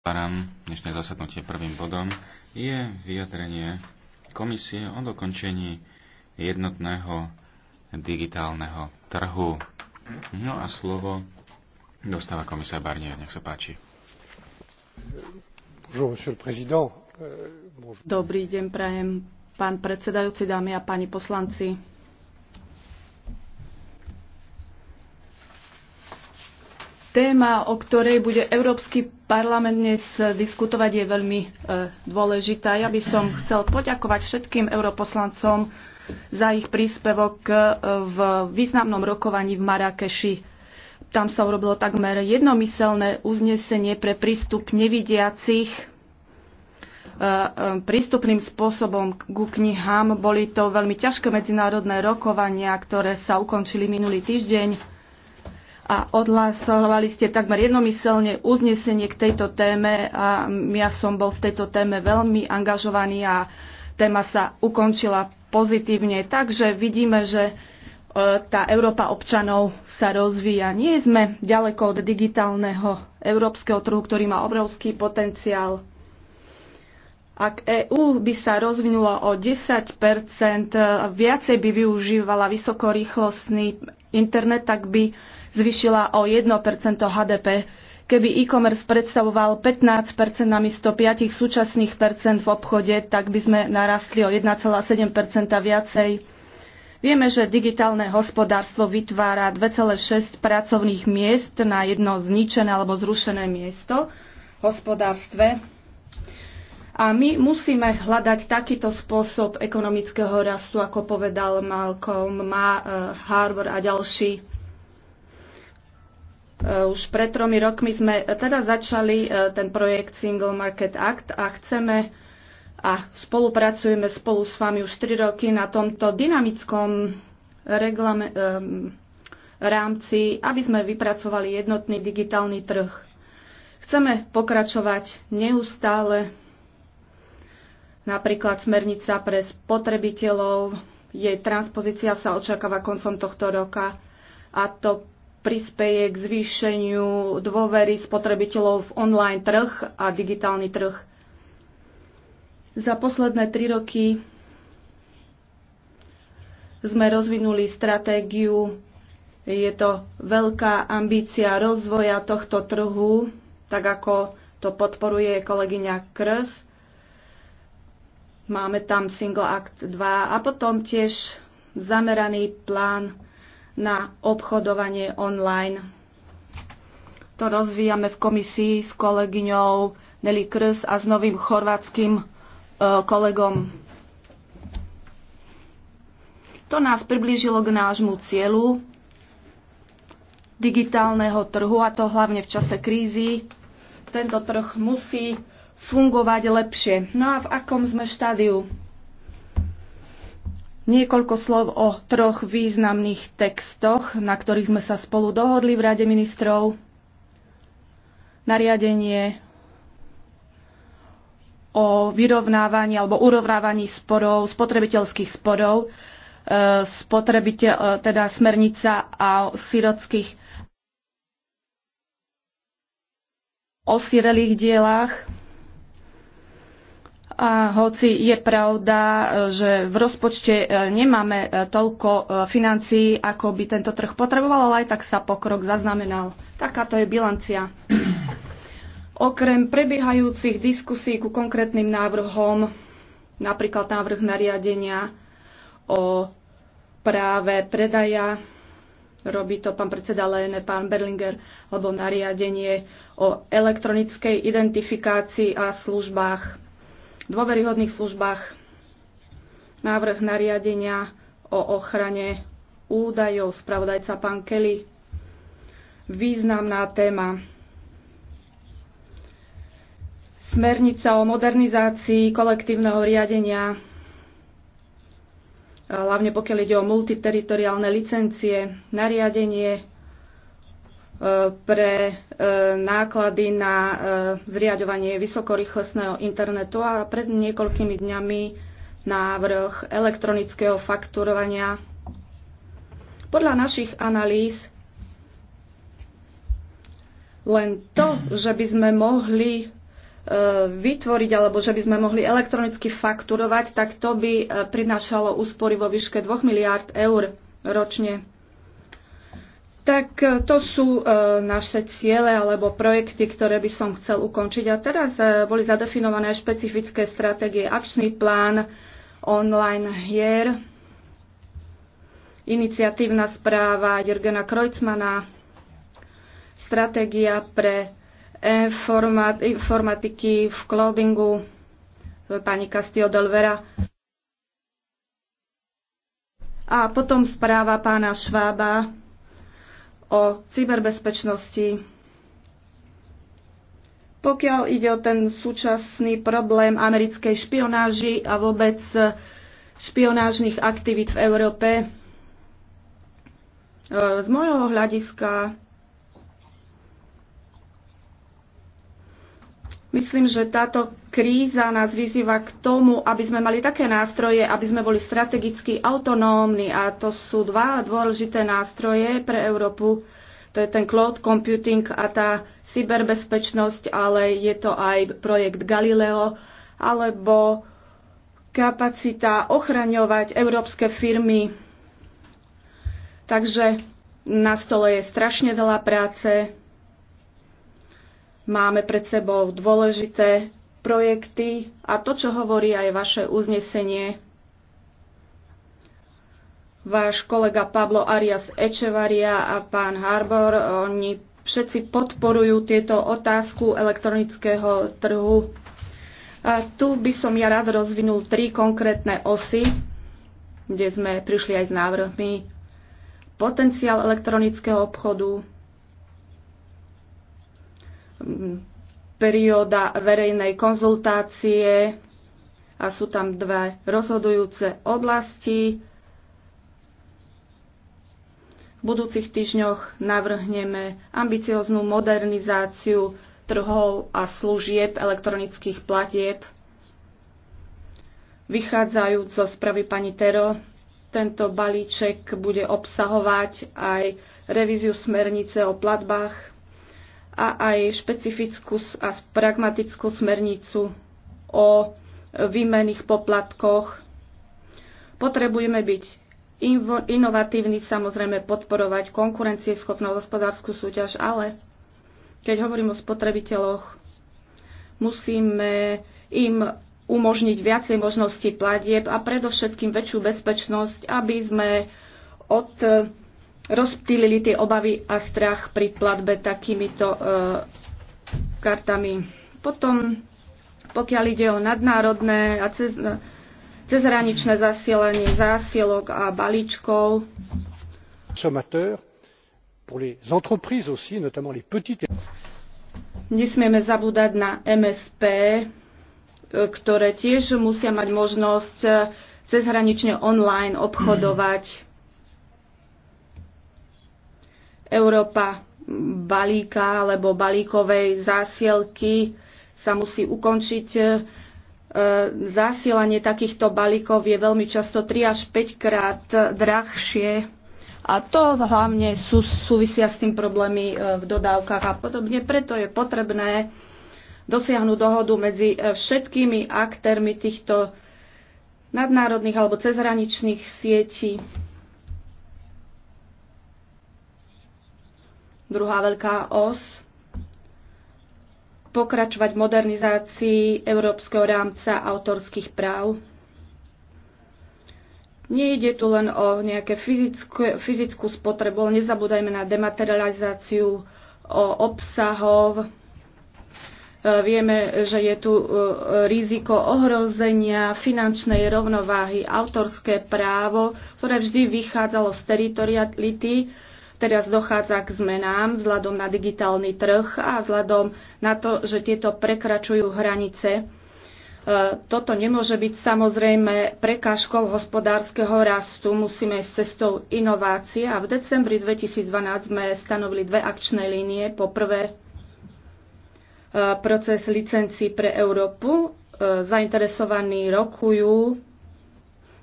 Otváram dnešné zasadnutie prvým bodom je vyjadrenie komisie o dokončení jednotného digitálneho trhu. No a slovo dostáva komisia Barnier. Nech sa páči. Euh, Dobrý deň, prajem pán predsedajúci, dámy a páni poslanci. Téma, o ktorej bude Európsky parlament dnes diskutovať, je veľmi e, dôležitá. Ja by som chcel poďakovať všetkým europoslancom za ich príspevok e, v významnom rokovaní v Marrakeši. Tam sa urobilo takmer jednomyselné uznesenie pre prístup nevidiacich e, prístupným spôsobom ku knihám. Boli to veľmi ťažké medzinárodné rokovania, ktoré sa ukončili minulý týždeň a odhlasovali ste takmer jednomyselne uznesenie k tejto téme a ja som bol v tejto téme veľmi angažovaný a téma sa ukončila pozitívne. Takže vidíme, že e, tá Európa občanov sa rozvíja. Nie sme ďaleko od digitálneho európskeho trhu, ktorý má obrovský potenciál. Ak EÚ by sa rozvinulo o 10 viacej by využívala vysokorýchlostný internet, tak by zvyšila o 1 HDP. Keby e-commerce predstavoval 15 namiesto 5 súčasných percent v obchode, tak by sme narastli o 1,7 viacej. Vieme, že digitálne hospodárstvo vytvára 2,6 pracovných miest na jedno zničené alebo zrušené miesto v hospodárstve. A my musíme hľadať takýto spôsob ekonomického rastu, ako povedal Malcolm, má eh, Harvard a ďalší Eh, už pred tromi rokmi sme eh, teda začali eh, ten projekt Single Market Act a chceme a spolupracujeme spolu s vami už 3 roky na tomto dynamickom reglame, um, rámci, aby sme vypracovali jednotný digitálny trh. Chceme pokračovať neustále, napríklad smernica pre spotrebiteľov, jej transpozícia sa očakáva koncom tohto roka a to prispieje k zvýšeniu dôvery spotrebiteľov v online trh a digitálny trh. Za posledné tri roky sme rozvinuli stratégiu. Je to veľká ambícia rozvoja tohto trhu, tak ako to podporuje kolegyňa Krs. Máme tam Single Act 2 a potom tiež zameraný plán na obchodovanie online. To rozvíjame v komisii s kolegyňou Nelly Krs a s novým chorvátským e, kolegom. To nás priblížilo k nášmu cieľu digitálneho trhu, a to hlavne v čase krízy. Tento trh musí fungovať lepšie. No a v akom sme štádiu? Niekoľko slov o troch významných textoch, na ktorých sme sa spolu dohodli v Rade ministrov. Nariadenie o vyrovnávaní alebo urovnávaní sporov, spotrebiteľských sporov, e, spotrebiteľ, e, teda smernica a sirotských osirelých dielách hoci je pravda, e, že v rozpočte e, nemáme e, toľko financií, ako by tento trh potreboval, ale aj tak sa pokrok zaznamenal. Takáto je bilancia. Okrem prebiehajúcich diskusí ku konkrétnym návrhom, napríklad návrh nariadenia o práve predaja, robí to pán predseda Lene, pán Berlinger, alebo nariadenie o elektronickej identifikácii a službách dôveryhodných službách, návrh nariadenia o ochrane údajov, spravodajca pán Kelly. Významná téma. Smernica o modernizácii kolektívneho riadenia, hlavne pokiaľ ide o multiteritoriálne licencie, nariadenie pre e, náklady na e, zriadovanie vysokorýchlostného internetu a pred niekoľkými dňami návrh elektronického fakturovania. Podľa našich analýz len to, že by sme mohli e, vytvoriť alebo že by sme mohli elektronicky fakturovať, tak to by prinášalo úspory vo výške 2 miliárd eur ročne. Tak e, to sú e, naše ciele alebo projekty, ktoré by som chcel ukončiť. A teraz e, boli zadefinované špecifické stratégie, akčný plán online hier, iniciatívna správa Jurgena Kreutzmana, stratégia pre informat- informatiky v cloudingu pani Castillo Delvera a potom správa pána Švába o cyberbezpečnosti. Pokiaľ ide o ten súčasný problém americkej špionáži a vôbec špionážnych aktivít v Európe, e, z môjho hľadiska Myslím, že táto kríza nás vyzýva k tomu, aby sme mali také nástroje, aby sme boli strategicky autonómni a to sú dva dôležité nástroje pre Európu. To je ten cloud computing a tá cyberbezpečnosť, ale je to aj projekt Galileo alebo kapacita ochraňovať európske firmy. Takže na stole je strašne veľa práce, Máme pred sebou dôležité projekty a to, čo hovorí aj vaše uznesenie. Váš kolega Pablo Arias Echevaria a pán Harbor, oni všetci podporujú tieto otázku elektronického trhu. A tu by som ja rád rozvinul tri konkrétne osy, kde sme prišli aj s návrhmi. Potenciál elektronického obchodu, perióda verejnej konzultácie a sú tam dve rozhodujúce oblasti. V budúcich týždňoch navrhneme ambicioznú modernizáciu trhov a služieb elektronických platieb. Vychádzajúc zo spravy pani Tero, tento balíček bude obsahovať aj revíziu smernice o platbách a aj špecifickú a pragmatickú smernicu o výmených poplatkoch. Potrebujeme byť inovatívni, samozrejme podporovať konkurencieschopnú hospodárskú súťaž, ale keď hovorím o spotrebiteľoch, musíme im umožniť viacej možností platieb a predovšetkým väčšiu bezpečnosť, aby sme od rozptýlili tie obavy a strach pri platbe takýmito e, kartami. Potom, pokiaľ ide o nadnárodné a cez, cezhraničné zasielanie zásielok a balíčkov, Nesmieme zabúdať na MSP, e, ktoré tiež musia mať možnosť e, cezhranične online obchodovať. Európa balíka alebo balíkovej zásielky sa musí ukončiť. E, Zásielanie takýchto balíkov je veľmi často 3 až 5 krát drahšie a to hlavne sú, súvisia s tým problémy e, v dodávkach a podobne. Preto je potrebné dosiahnuť dohodu medzi e, všetkými aktérmi týchto nadnárodných alebo cezhraničných sietí. druhá veľká os, pokračovať v modernizácii európskeho rámca autorských práv. Nejde tu len o nejaké fyzickú, fyzickú spotrebu, ale nezabúdajme na dematerializáciu o obsahov. E, vieme, že je tu e, riziko ohrozenia finančnej rovnováhy, autorské právo, ktoré vždy vychádzalo z teritoriality, Teraz dochádza k zmenám vzhľadom na digitálny trh a vzhľadom na to, že tieto prekračujú hranice. E, toto nemôže byť samozrejme prekážkou hospodárskeho rastu. Musíme ísť cestou inovácie a v decembri 2012 sme stanovili dve akčné línie. Po prvé e, proces licencií pre Európu. E, zainteresovaní rokujú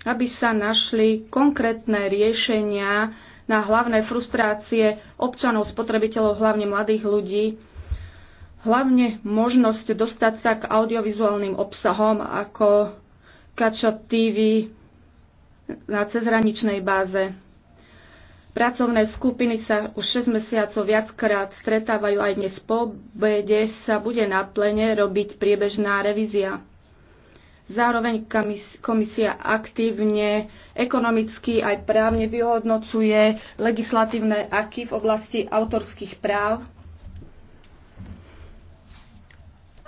aby sa našli konkrétne riešenia na hlavné frustrácie občanov, spotrebiteľov, hlavne mladých ľudí, hlavne možnosť dostať sa k audiovizuálnym obsahom ako Kačo TV na cezhraničnej báze. Pracovné skupiny sa už 6 mesiacov viackrát stretávajú aj dnes po obede sa bude na plene robiť priebežná revízia. Zároveň komisia aktívne ekonomicky aj právne vyhodnocuje legislatívne aky v oblasti autorských práv.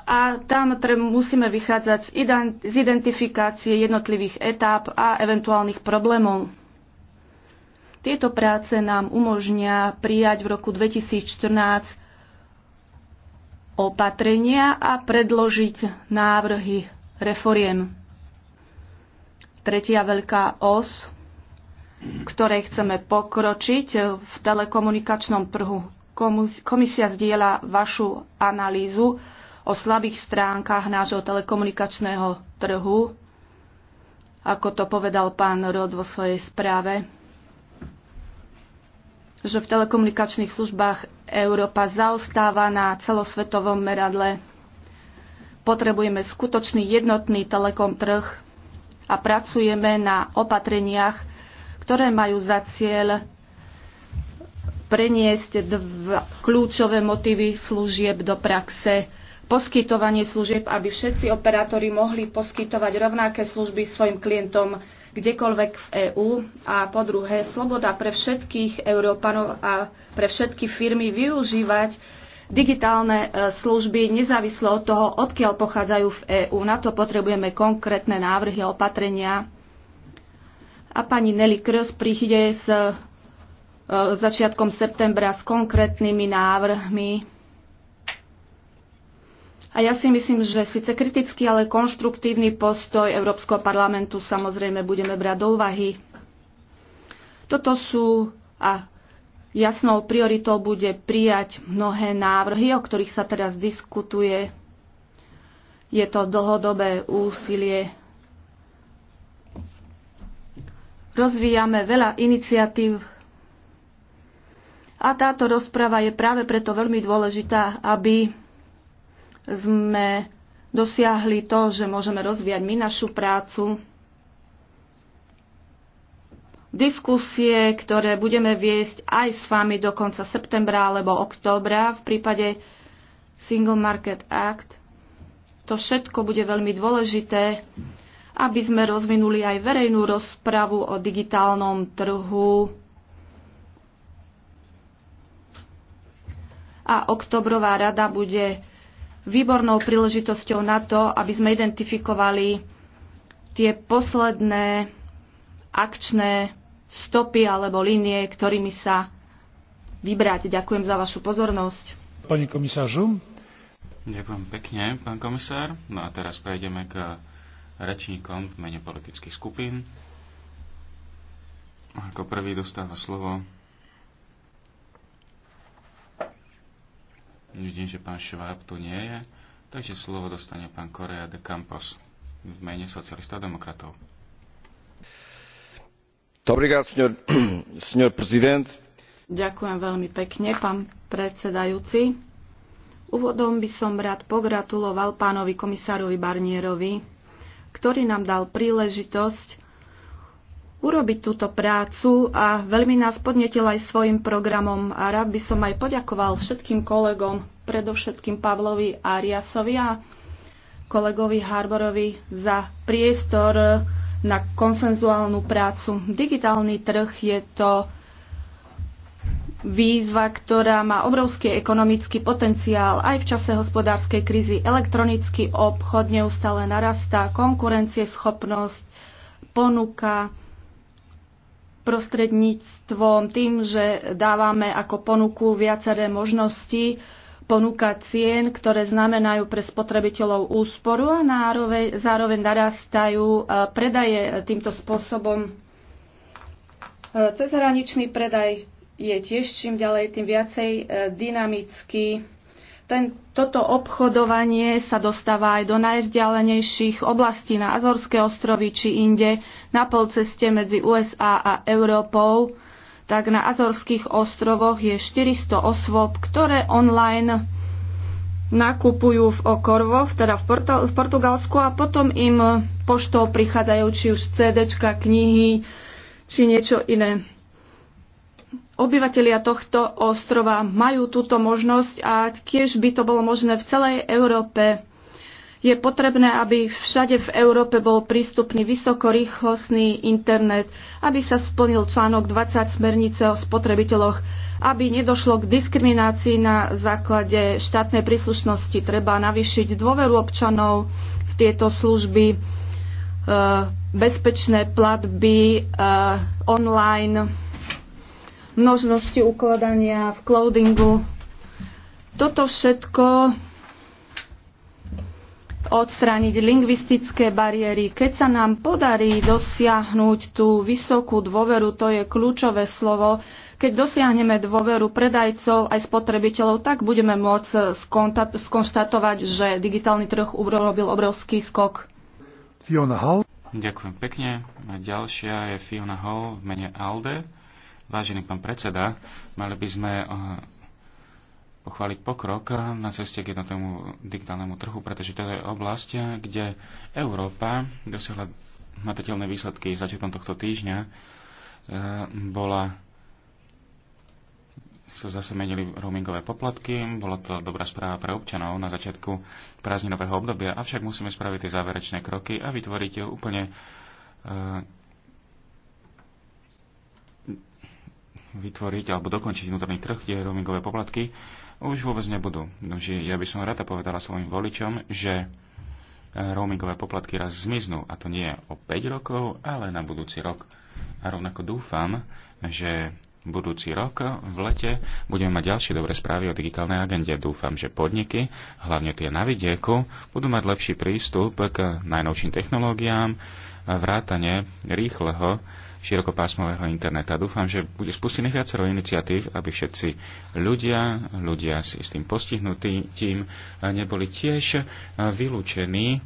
A tam musíme vychádzať z identifikácie jednotlivých etáp a eventuálnych problémov. Tieto práce nám umožnia prijať v roku 2014 opatrenia a predložiť návrhy reforiem. Tretia veľká os, ktorej chceme pokročiť v telekomunikačnom trhu. Komisia zdieľa vašu analýzu o slabých stránkach nášho telekomunikačného trhu, ako to povedal pán Rod vo svojej správe, že v telekomunikačných službách Európa zaostáva na celosvetovom meradle Potrebujeme skutočný jednotný telekom trh a pracujeme na opatreniach, ktoré majú za cieľ preniesť dva kľúčové motívy služieb do praxe. Poskytovanie služieb, aby všetci operátori mohli poskytovať rovnaké služby svojim klientom kdekoľvek v EÚ a po druhé sloboda pre všetkých Európanov a pre všetky firmy využívať digitálne e, služby, nezávisle od toho, odkiaľ pochádzajú v EÚ. Na to potrebujeme konkrétne návrhy a opatrenia. A pani Nelly Kröz príde s e, začiatkom septembra s konkrétnymi návrhmi. A ja si myslím, že síce kritický, ale konštruktívny postoj Európskeho parlamentu samozrejme budeme brať do úvahy. Toto sú a Jasnou prioritou bude prijať mnohé návrhy, o ktorých sa teraz diskutuje. Je to dlhodobé úsilie. Rozvíjame veľa iniciatív a táto rozprava je práve preto veľmi dôležitá, aby sme dosiahli to, že môžeme rozvíjať my našu prácu diskusie, ktoré budeme viesť aj s vami do konca septembra alebo októbra v prípade Single Market Act. To všetko bude veľmi dôležité, aby sme rozvinuli aj verejnú rozpravu o digitálnom trhu. A oktobrová rada bude výbornou príležitosťou na to, aby sme identifikovali tie posledné akčné stopy alebo línie, ktorými sa vybrať. Ďakujem za vašu pozornosť. Pani komisážu. Ďakujem pekne, pán komisár. No a teraz prejdeme k rečníkom v mene politických skupín. Ako prvý dostáva slovo Vidím, že pán Šváb tu nie je, takže slovo dostane pán Korea de Campos v mene socialista demokratov. Ďakujem veľmi pekne, pán predsedajúci. Úvodom by som rád pogratuloval pánovi komisárovi Barnierovi, ktorý nám dal príležitosť urobiť túto prácu a veľmi nás podnetil aj svojim programom. A rád by som aj poďakoval všetkým kolegom, predovšetkým Pavlovi Ariasovi a kolegovi Harborovi za priestor, na konsenzuálnu prácu. Digitálny trh je to výzva, ktorá má obrovský ekonomický potenciál aj v čase hospodárskej krízy. Elektronický obchod neustále narastá, konkurencieschopnosť, ponuka prostredníctvom tým, že dávame ako ponuku viaceré možnosti, ponúka cien, ktoré znamenajú pre spotrebiteľov úsporu a nároveň, zároveň narastajú e, predaje e, týmto spôsobom. E, cezhraničný predaj je tiež čím ďalej tým viacej dynamický. Ten, toto obchodovanie sa dostáva aj do najvzdialenejších oblastí na Azorské ostrovy či inde, na polceste medzi USA a Európou tak na Azorských ostrovoch je 400 osôb, ktoré online nakupujú v okorvo, teda v, Porto- v Portugalsku a potom im poštou prichádzajú či už CD, knihy, či niečo iné. Obyvatelia tohto ostrova majú túto možnosť a tiež by to bolo možné v celej Európe. Je potrebné, aby všade v Európe bol prístupný vysokorýchlostný internet, aby sa splnil článok 20 smernice o spotrebiteľoch, aby nedošlo k diskriminácii na základe štátnej príslušnosti. Treba navýšiť dôveru občanov v tieto služby, e, bezpečné platby e, online, množnosti ukladania v cloudingu. Toto všetko odstrániť lingvistické bariéry. Keď sa nám podarí dosiahnuť tú vysokú dôveru, to je kľúčové slovo, keď dosiahneme dôveru predajcov aj spotrebiteľov, tak budeme môcť skonštatovať, že digitálny trh urobil obrovský skok. Fiona Hall. Ďakujem pekne. A ďalšia je Fiona Hall v mene ALDE. Vážený pán predseda, mali by sme eh, pochváliť pokrok na ceste k jednotnému digitálnemu trhu, pretože to je oblasť, kde Európa dosiahla matateľné výsledky začiatkom tohto týždňa. E, bola sa zase menili roamingové poplatky. Bola to dobrá správa pre občanov na začiatku prázdninového obdobia, avšak musíme spraviť tie záverečné kroky a vytvoriť úplne e, vytvoriť alebo dokončiť vnútorný trh, kde roamingové poplatky už vôbec nebudú. Nože ja by som rada povedala svojim voličom, že e, roamingové poplatky raz zmiznú, a to nie o 5 rokov, ale na budúci rok. A rovnako dúfam, že budúci rok v lete budeme mať ďalšie dobré správy o digitálnej agende. Dúfam, že podniky, hlavne tie na vidieku, budú mať lepší prístup k najnovším technológiám, vrátane rýchleho širokopásmového interneta. Dúfam, že bude spustených viacero iniciatív, aby všetci ľudia, ľudia s istým postihnutím neboli tiež eh, vylúčení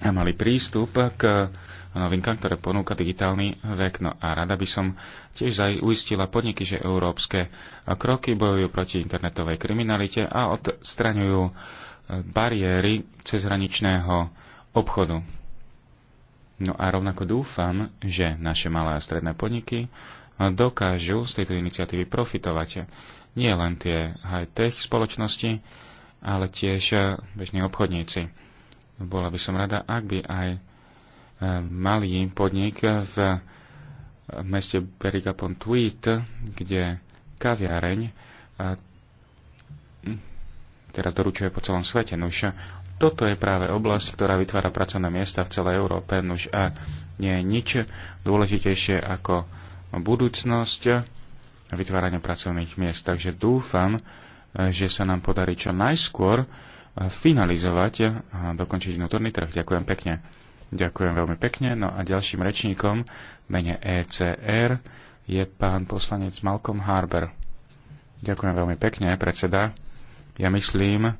a mali prístup k novinkám, ktoré ponúka digitálny vek. No a rada by som tiež aj uistila podniky, že európske kroky bojujú proti internetovej kriminalite a odstraňujú eh, bariéry cezhraničného obchodu. No a rovnako dúfam, že naše malé a stredné podniky dokážu z tejto iniciatívy profitovať. Nie len tie high-tech spoločnosti, ale tiež eh, bežní obchodníci. Bola by som rada, ak by aj eh, malý podnik v eh, meste Berigapon Tweet, kde kaviareň teraz doručuje po celom svete. No už toto je práve oblasť, ktorá vytvára pracovné miesta v celej Európe. Nuž a nie je nič dôležitejšie ako budúcnosť a vytvárania pracovných miest. Takže dúfam, že sa nám podarí čo najskôr finalizovať a dokončiť vnútorný trh. Ďakujem pekne. Ďakujem veľmi pekne. No a ďalším rečníkom mene ECR je pán poslanec Malcolm Harber. Ďakujem veľmi pekne, predseda. Ja myslím,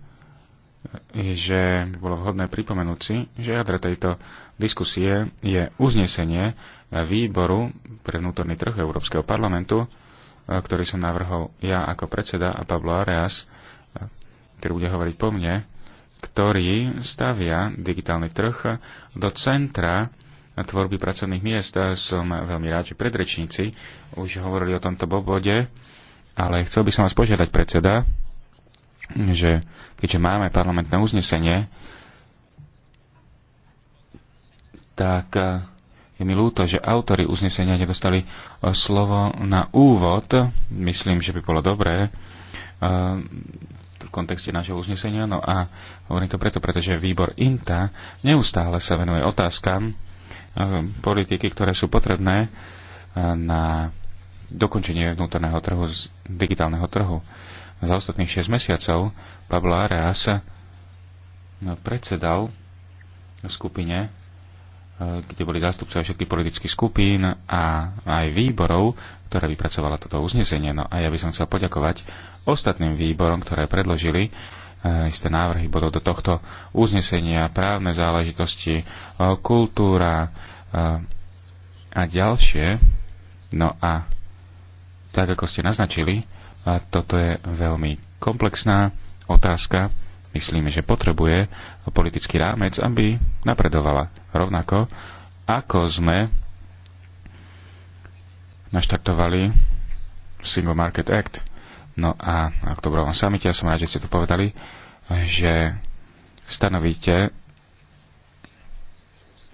že by bolo vhodné pripomenúť si, že jadro tejto diskusie je uznesenie výboru pre vnútorný trh Európskeho parlamentu, e, ktorý som navrhol ja ako predseda a Pablo Areas, e, ktorý bude hovoriť po mne, ktorý stavia digitálny trh do centra tvorby pracovných miest. E, som veľmi rád, že predrečníci už hovorili o tomto bobode, ale chcel by som vás požiadať, predseda, že keďže máme parlamentné uznesenie, tak eh, je mi ľúto, že autory uznesenia nedostali eh, slovo na úvod. Myslím, že by bolo dobré eh, v kontexte nášho uznesenia. No a hovorím to preto, pretože výbor INTA neustále sa venuje otázkam politiky, ktoré sú potrebné na dokončenie vnútorného trhu, digitálneho trhu za ostatných 6 mesiacov Pablo Areas eh, predsedal skupine, eh, kde boli zástupcovia všetkých politických skupín a aj výborov, ktoré vypracovala toto uznesenie. No a ja by som chcel poďakovať ostatným výborom, ktoré predložili eh, isté návrhy budú do tohto uznesenia, právne záležitosti, kultúra a ďalšie. No a tak, ako ste naznačili, a toto je veľmi komplexná otázka. Myslíme, že potrebuje politický rámec, aby napredovala. Rovnako ako sme naštartovali Single Market Act. No a na oktobrovom samite, ja som rád, že ste to povedali, že stanovíte,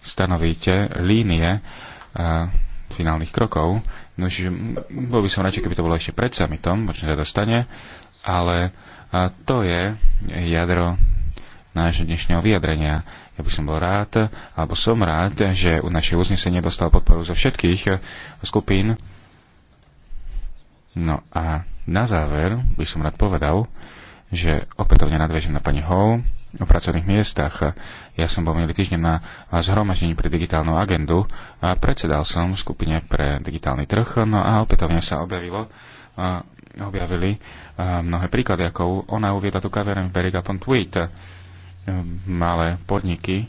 stanovíte línie finálnych krokov. No, že bol by som radšej, keby to bolo ešte pred summitom, možno sa dostane, ale to je jadro nášho dnešného vyjadrenia. Ja by som bol rád, alebo som rád, že u naše uznesenie dostal podporu zo všetkých e, skupín. No a na záver by som rád povedal, že opätovne nadvežím na pani Hall, o pracovných miestach. Ja som bol minulý týždeň na zhromaždení pre digitálnu agendu a predsedal som v skupine pre digitálny trh, no a opätovne sa objavilo objavili mnohé príklady, ako ona uviedla tu kaverem v upon Tweet. Malé podniky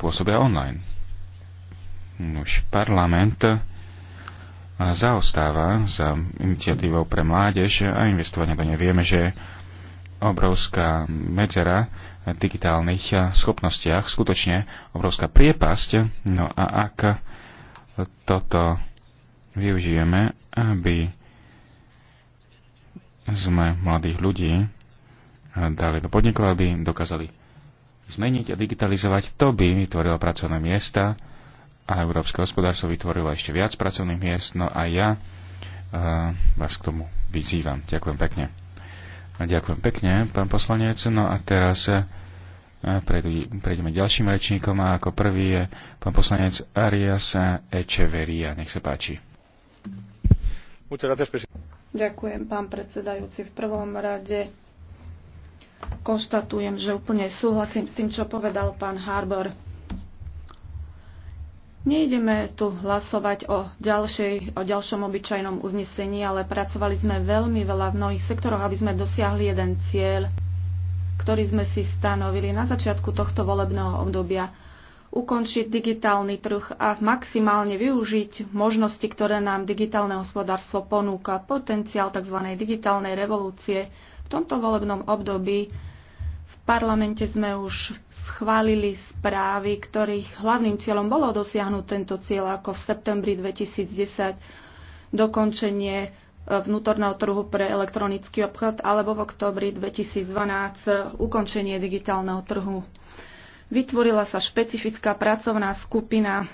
pôsobia online. Už parlament zaostáva za iniciatívou pre mládež a investovanie do nej. Vieme, že obrovská medzera v digitálnych eh, schopnostiach, skutočne obrovská priepasť. No a ak toto využijeme, aby sme mladých ľudí eh, dali do podniku, aby dokázali zmeniť a digitalizovať, to by vytvorilo pracovné miesta a európske hospodárstvo vytvorilo ešte viac pracovných miest. No a ja eh, vás k tomu vyzývam. Ďakujem pekne. Ďakujem pekne, pán poslanec. No a teraz eh, prejdeme ďalším rečníkom a ako prvý je pán poslanec Arias Echeveria. Nech sa páči. Ďakujem, pán predsedajúci. V prvom rade konštatujem, že úplne súhlasím s tým, čo povedal pán Harbor Nejdeme tu hlasovať o, ďalšej, o ďalšom obyčajnom uznesení, ale pracovali sme veľmi veľa v mnohých sektoroch, aby sme dosiahli jeden cieľ, ktorý sme si stanovili na začiatku tohto volebného obdobia ukončiť digitálny trh a maximálne využiť možnosti, ktoré nám digitálne hospodárstvo ponúka, potenciál tzv. digitálnej revolúcie. V tomto volebnom období v parlamente sme už schválili správy, ktorých hlavným cieľom bolo dosiahnuť tento cieľ ako v septembri 2010 dokončenie e, vnútorného trhu pre elektronický obchod alebo v oktobri 2012 ukončenie digitálneho trhu. Vytvorila sa špecifická pracovná skupina,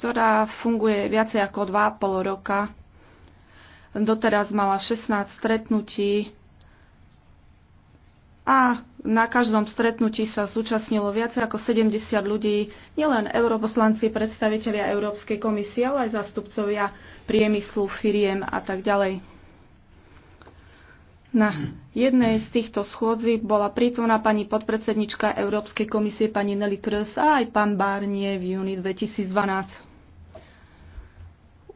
ktorá funguje viacej ako 2,5 roka. Doteraz mala 16 stretnutí a na každom stretnutí sa zúčastnilo viac ako 70 ľudí, nielen europoslanci, predstavitelia Európskej komisie, ale aj zástupcovia priemyslu, firiem a tak ďalej. Na jednej z týchto schôdzí bola prítomná pani podpredsednička Európskej komisie pani Nelly Krös a aj pán Barnier v júni 2012.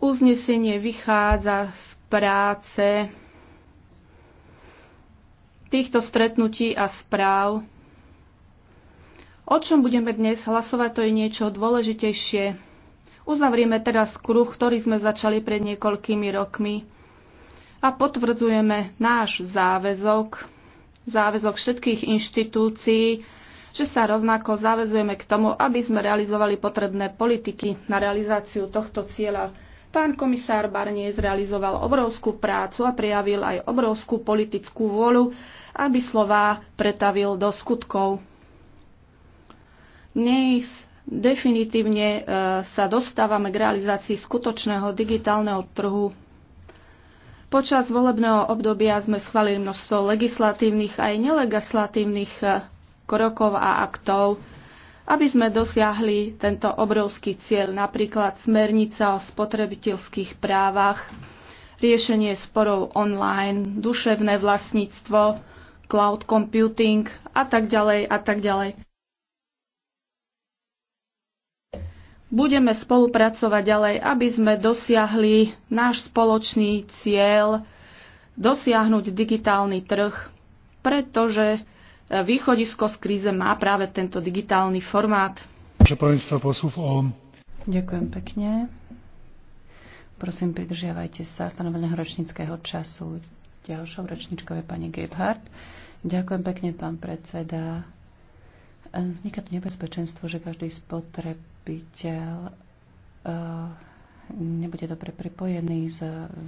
Uznesenie vychádza z práce týchto stretnutí a správ. O čom budeme dnes hlasovať, to je niečo dôležitejšie. Uzavrieme teraz kruh, ktorý sme začali pred niekoľkými rokmi a potvrdzujeme náš záväzok, záväzok všetkých inštitúcií, že sa rovnako záväzujeme k tomu, aby sme realizovali potrebné politiky na realizáciu tohto cieľa. Pán komisár Barnier zrealizoval obrovskú prácu a prijavil aj obrovskú politickú vôľu, aby slová pretavil do skutkov. Dnes definitívne e, sa dostávame k realizácii skutočného digitálneho trhu. Počas volebného obdobia sme schválili množstvo legislatívnych aj nelegislatívnych e, krokov a aktov, aby sme dosiahli tento obrovský cieľ, napríklad smernica o spotrebiteľských právach, riešenie sporov online, duševné vlastníctvo, cloud computing a tak ďalej a tak ďalej. Budeme spolupracovať ďalej, aby sme dosiahli náš spoločný cieľ dosiahnuť digitálny trh, pretože východisko z kríze má práve tento digitálny formát. Ďakujem pekne. Prosím, pridržiavajte sa stanoveného ročníckého času. Ďalšou ročníčkou je pani Gebhardt. Ďakujem pekne, pán predseda. Vzniká tu nebezpečenstvo, že každý spotrebiteľ uh, nebude dobre prepojený s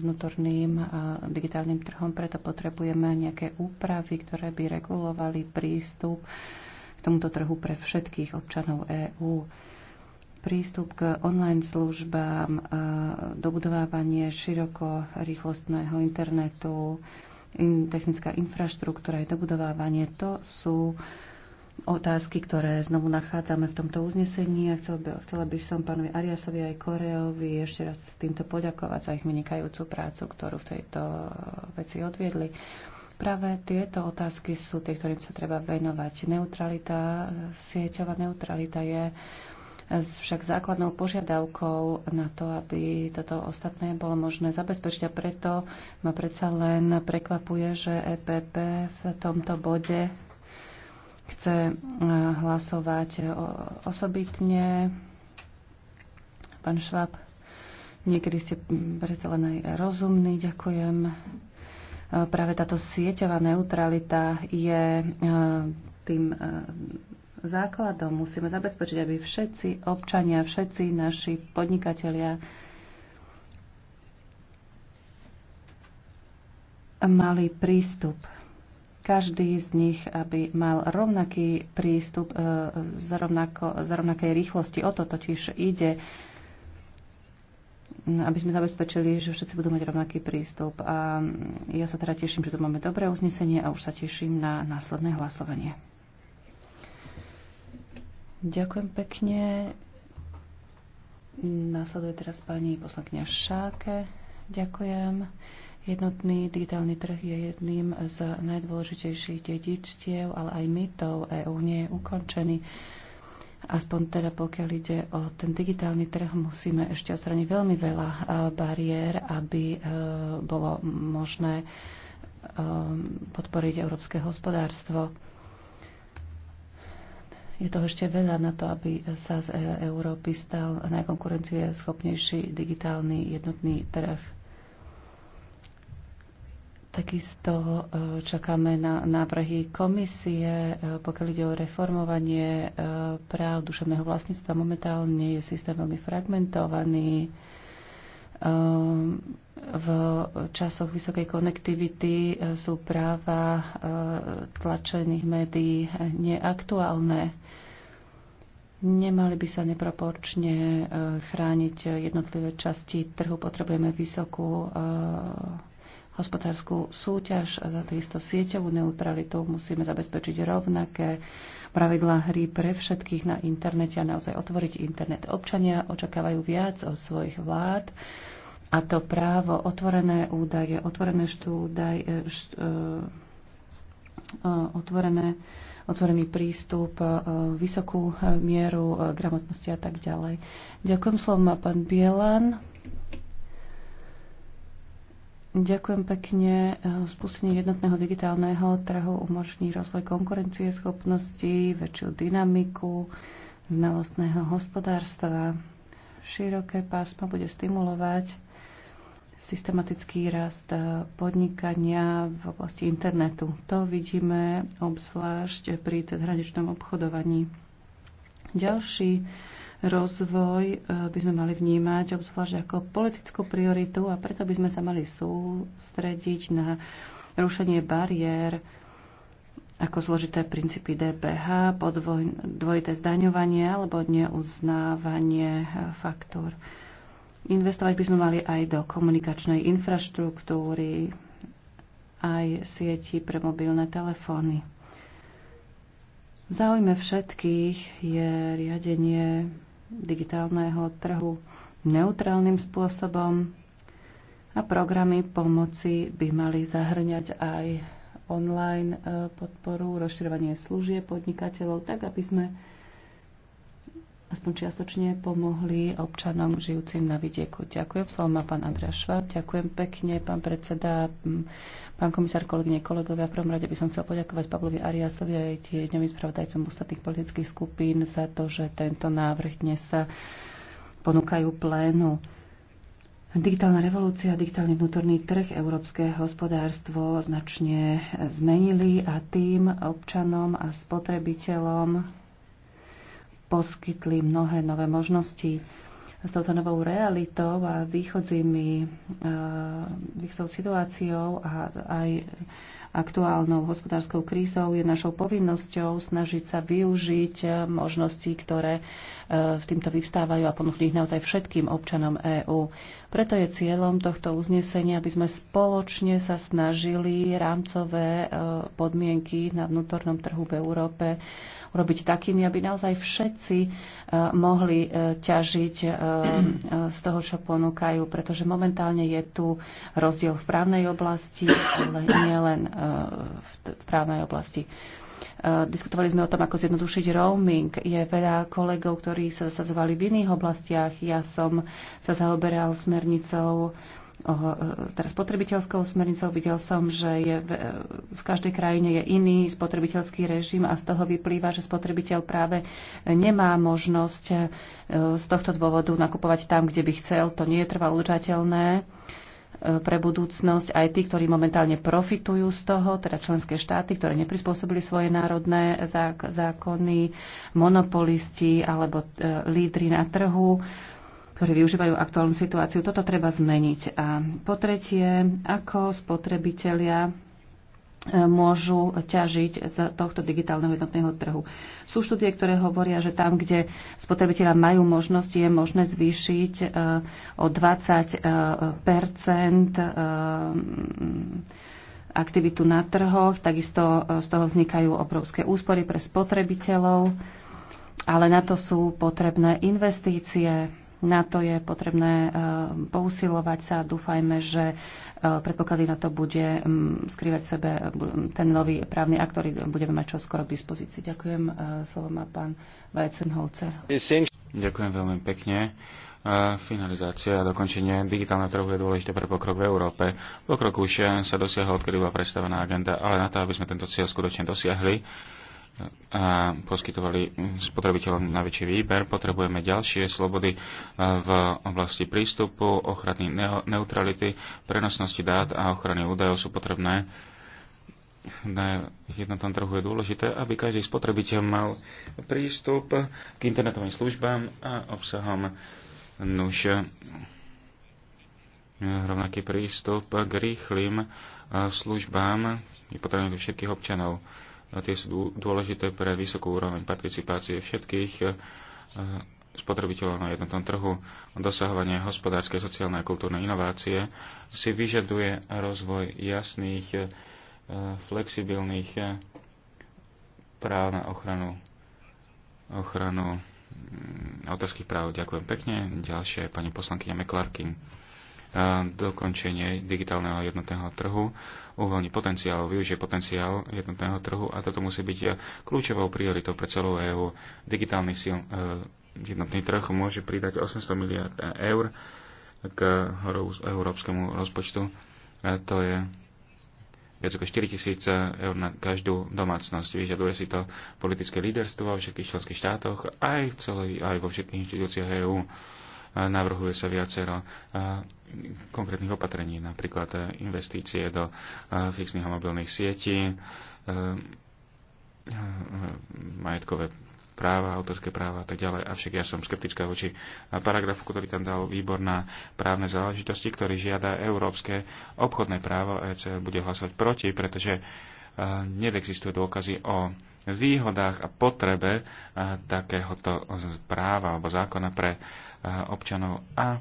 vnútorným digitálnym trhom, preto potrebujeme nejaké úpravy, ktoré by regulovali prístup k tomuto trhu pre všetkých občanov EÚ. Prístup k online službám, e, dobudovávanie široko rýchlostného internetu, technická infraštruktúra aj dobudovávanie, to sú otázky, ktoré znovu nachádzame v tomto uznesení a chcel by, chcela by som pánovi Ariasovi aj Koreovi ešte raz týmto poďakovať za ich vynikajúcu prácu, ktorú v tejto veci odviedli. Práve tieto otázky sú tie, ktorým sa treba venovať. Neutralita, sieťová neutralita je však základnou požiadavkou na to, aby toto ostatné bolo možné zabezpečiť. A preto ma predsa len prekvapuje, že EPP v tomto bode chce e, hlasovať e, osobitne. Pán Šváb, niekedy ste predsa len aj rozumný, ďakujem. E, práve táto sieťová neutralita je tým základom. Musíme zabezpečiť, aby všetci občania, všetci naši podnikatelia mali prístup každý z nich, aby mal rovnaký prístup e, za, rovnako, za rovnakej rýchlosti. O to totiž ide, aby sme zabezpečili, že všetci budú mať rovnaký prístup. A ja sa teda teším, že tu máme dobré uznesenie a už sa teším na následné hlasovanie. Ďakujem pekne. Nasleduje teraz pani poslankyňa Šáke. Ďakujem. Jednotný digitálny trh je jedným z najdôležitejších dedičstiev, ale aj mytov EÚ nie je ukončený. Aspoň teda pokiaľ ide o ten digitálny trh, musíme ešte odstraniť veľmi veľa e, bariér, aby e, bolo možné e, podporiť európske hospodárstvo. Je toho ešte veľa na to, aby sa z Európy stal najkonkurencieschopnejší digitálny jednotný trh Takisto e, čakáme na návrhy komisie, e, pokiaľ ide o reformovanie e, práv duševného vlastníctva. Momentálne je systém veľmi fragmentovaný. V časoch vysokej konektivity sú práva tlačených médií neaktuálne. Nemali by sa neproporčne chrániť jednotlivé časti trhu. Potrebujeme vysokú hospodárskú súťaž a e, týsto sieťovú neutralitu. Musíme zabezpečiť rovnaké pravidlá hry pre všetkých na internete a naozaj otvoriť internet. Občania očakávajú viac od svojich vlád a to právo otvorené údaje, otvorené štúdaj, e, št, e, otvorené, otvorený prístup, vysokú mieru gramotnosti a tak ďalej. Ďakujem slovom pán Bielan. Ďakujem pekne. Eh, spustenie jednotného digitálneho trhu umožní rozvoj konkurencie schopnosti, väčšiu dynamiku znalostného hospodárstva. Široké pásma bude stimulovať systematický rast eh, podnikania v oblasti internetu. To vidíme obzvlášť pri cezhraničnom obchodovaní. Ďalší rozvoj e, by sme mali vnímať obzvlášť ako politickú prioritu a preto by sme sa mali sústrediť na rušenie bariér ako zložité princípy DPH, podvoj, dvojité zdaňovanie alebo neuznávanie e, faktúr. Investovať by sme mali aj do komunikačnej infraštruktúry, aj sieti pre mobilné telefóny. V záujme všetkých je riadenie digitálneho trhu neutrálnym spôsobom a programy pomoci by mali zahrňať aj online e, podporu, rozširovanie služieb podnikateľov, tak aby sme aspoň čiastočne pomohli občanom žijúcim na vidieku. Ďakujem. Slovo má pán Andrea Švab. Ďakujem pekne, pán predseda, pán komisár, kolegyne, kolegovia. V prvom rade by som chcel poďakovať Pavlovi Ariasovi aj jej spravodajcom ostatných politických skupín za to, že tento návrh dnes sa ponúkajú plénu. Digitálna revolúcia, digitálny vnútorný trh, európske hospodárstvo značne zmenili a tým občanom a spotrebiteľom poskytli mnohé nové možnosti. S touto novou realitou a východzími východ situáciou a aj aktuálnou hospodárskou krízou je našou povinnosťou snažiť sa využiť e, možnosti, ktoré e, v týmto vyvstávajú a ponúkli ich naozaj všetkým občanom EÚ. Preto je cieľom tohto uznesenia, aby sme spoločne sa snažili rámcové e, podmienky na vnútornom trhu v Európe urobiť takými, aby naozaj všetci e, mohli e, ťažiť e, z toho, čo ponúkajú, pretože momentálne je tu rozdiel v právnej oblasti, ale len v právnej oblasti diskutovali sme o tom, ako zjednodušiť roaming. Je veľa kolegov, ktorí sa zasadzovali v iných oblastiach. Ja som sa zaoberal smernicou E, teraz spotrebiteľskou smernicou. Videl som, že je v, e, v každej krajine je iný spotrebiteľský režim a z toho vyplýva, že spotrebiteľ práve nemá možnosť e, z tohto dôvodu nakupovať tam, kde by chcel. To nie je trvalo udržateľné pre budúcnosť aj tí, ktorí momentálne profitujú z toho, teda členské štáty, ktoré neprispôsobili svoje národné zákony, monopolisti alebo lídry na trhu ktorí využívajú aktuálnu situáciu. Toto treba zmeniť. A po tretie, ako spotrebitelia e, môžu ťažiť z tohto digitálneho jednotného trhu. Sú štúdie, ktoré hovoria, že tam, kde spotrebitelia majú možnosť, je možné zvýšiť e, o 20 e, aktivitu na trhoch. Takisto z toho vznikajú obrovské úspory pre spotrebiteľov, ale na to sú potrebné investície na to je potrebné eh, pousilovať sa. Dúfajme, že eh, predpoklady na to bude mm, skrývať sebe eh, ten nový právny akt, ktorý budeme mať čo skoro k dispozícii. Ďakujem. Slovo má pán Weizenholzer. Ďakujem veľmi pekne. Finalizácia a dokončenie digitálneho trhu je dôležité pre pokrok v Európe. Pokrok už sa dosiahol, odkedy bola predstavená agenda, ale na to, aby sme tento cieľ skutočne dosiahli, a poskytovali spotrebiteľom na väčší výber. Potrebujeme ďalšie slobody e, v oblasti prístupu, ochrany neutrality, prenosnosti dát a ochrany údajov sú potrebné. Na jednotnom trhu je dôležité, aby každý spotrebiteľ mal prístup k internetovým službám a obsahom nuž e, rovnaký prístup k rýchlým e, službám je potrebné všetkých občanov a tie sú dôležité pre vysokú úroveň participácie všetkých eh, spotrebiteľov na jednotnom trhu. Dosahovanie hospodárskej, sociálnej a kultúrnej inovácie si vyžaduje rozvoj jasných, eh, flexibilných eh, práv na ochranu, ochranu mm, autorských práv. Ďakujem pekne. Ďalšia je pani poslankyňa Meklarkin dokončenie digitálneho jednotného trhu, uvoľní potenciál, využije potenciál jednotného trhu a toto musí byť kľúčovou prioritou pre celú EÚ. Digitálny sil, e, jednotný trh môže pridať 800 miliard eur k európskemu rozpočtu. To je viac ako 4 tisíc eur na každú domácnosť. Vyžaduje si to politické líderstvo vo všetkých členských štátoch, aj, v celej, aj vo všetkých inštitúciách EÚ navrhuje sa viacero konkrétnych opatrení, napríklad e, investície do e, fixných a mobilných sietí, e, majetkové práva, autorské práva a tak ďalej. Avšak ja som skeptická voči paragrafu, ktorý tam dal výbor na právne záležitosti, ktorý žiada európske obchodné právo. ECR bude hlasovať proti, pretože nedexistuje dôkazy o výhodách a potrebe eh, takéhoto práva alebo zákona pre eh, občanov a,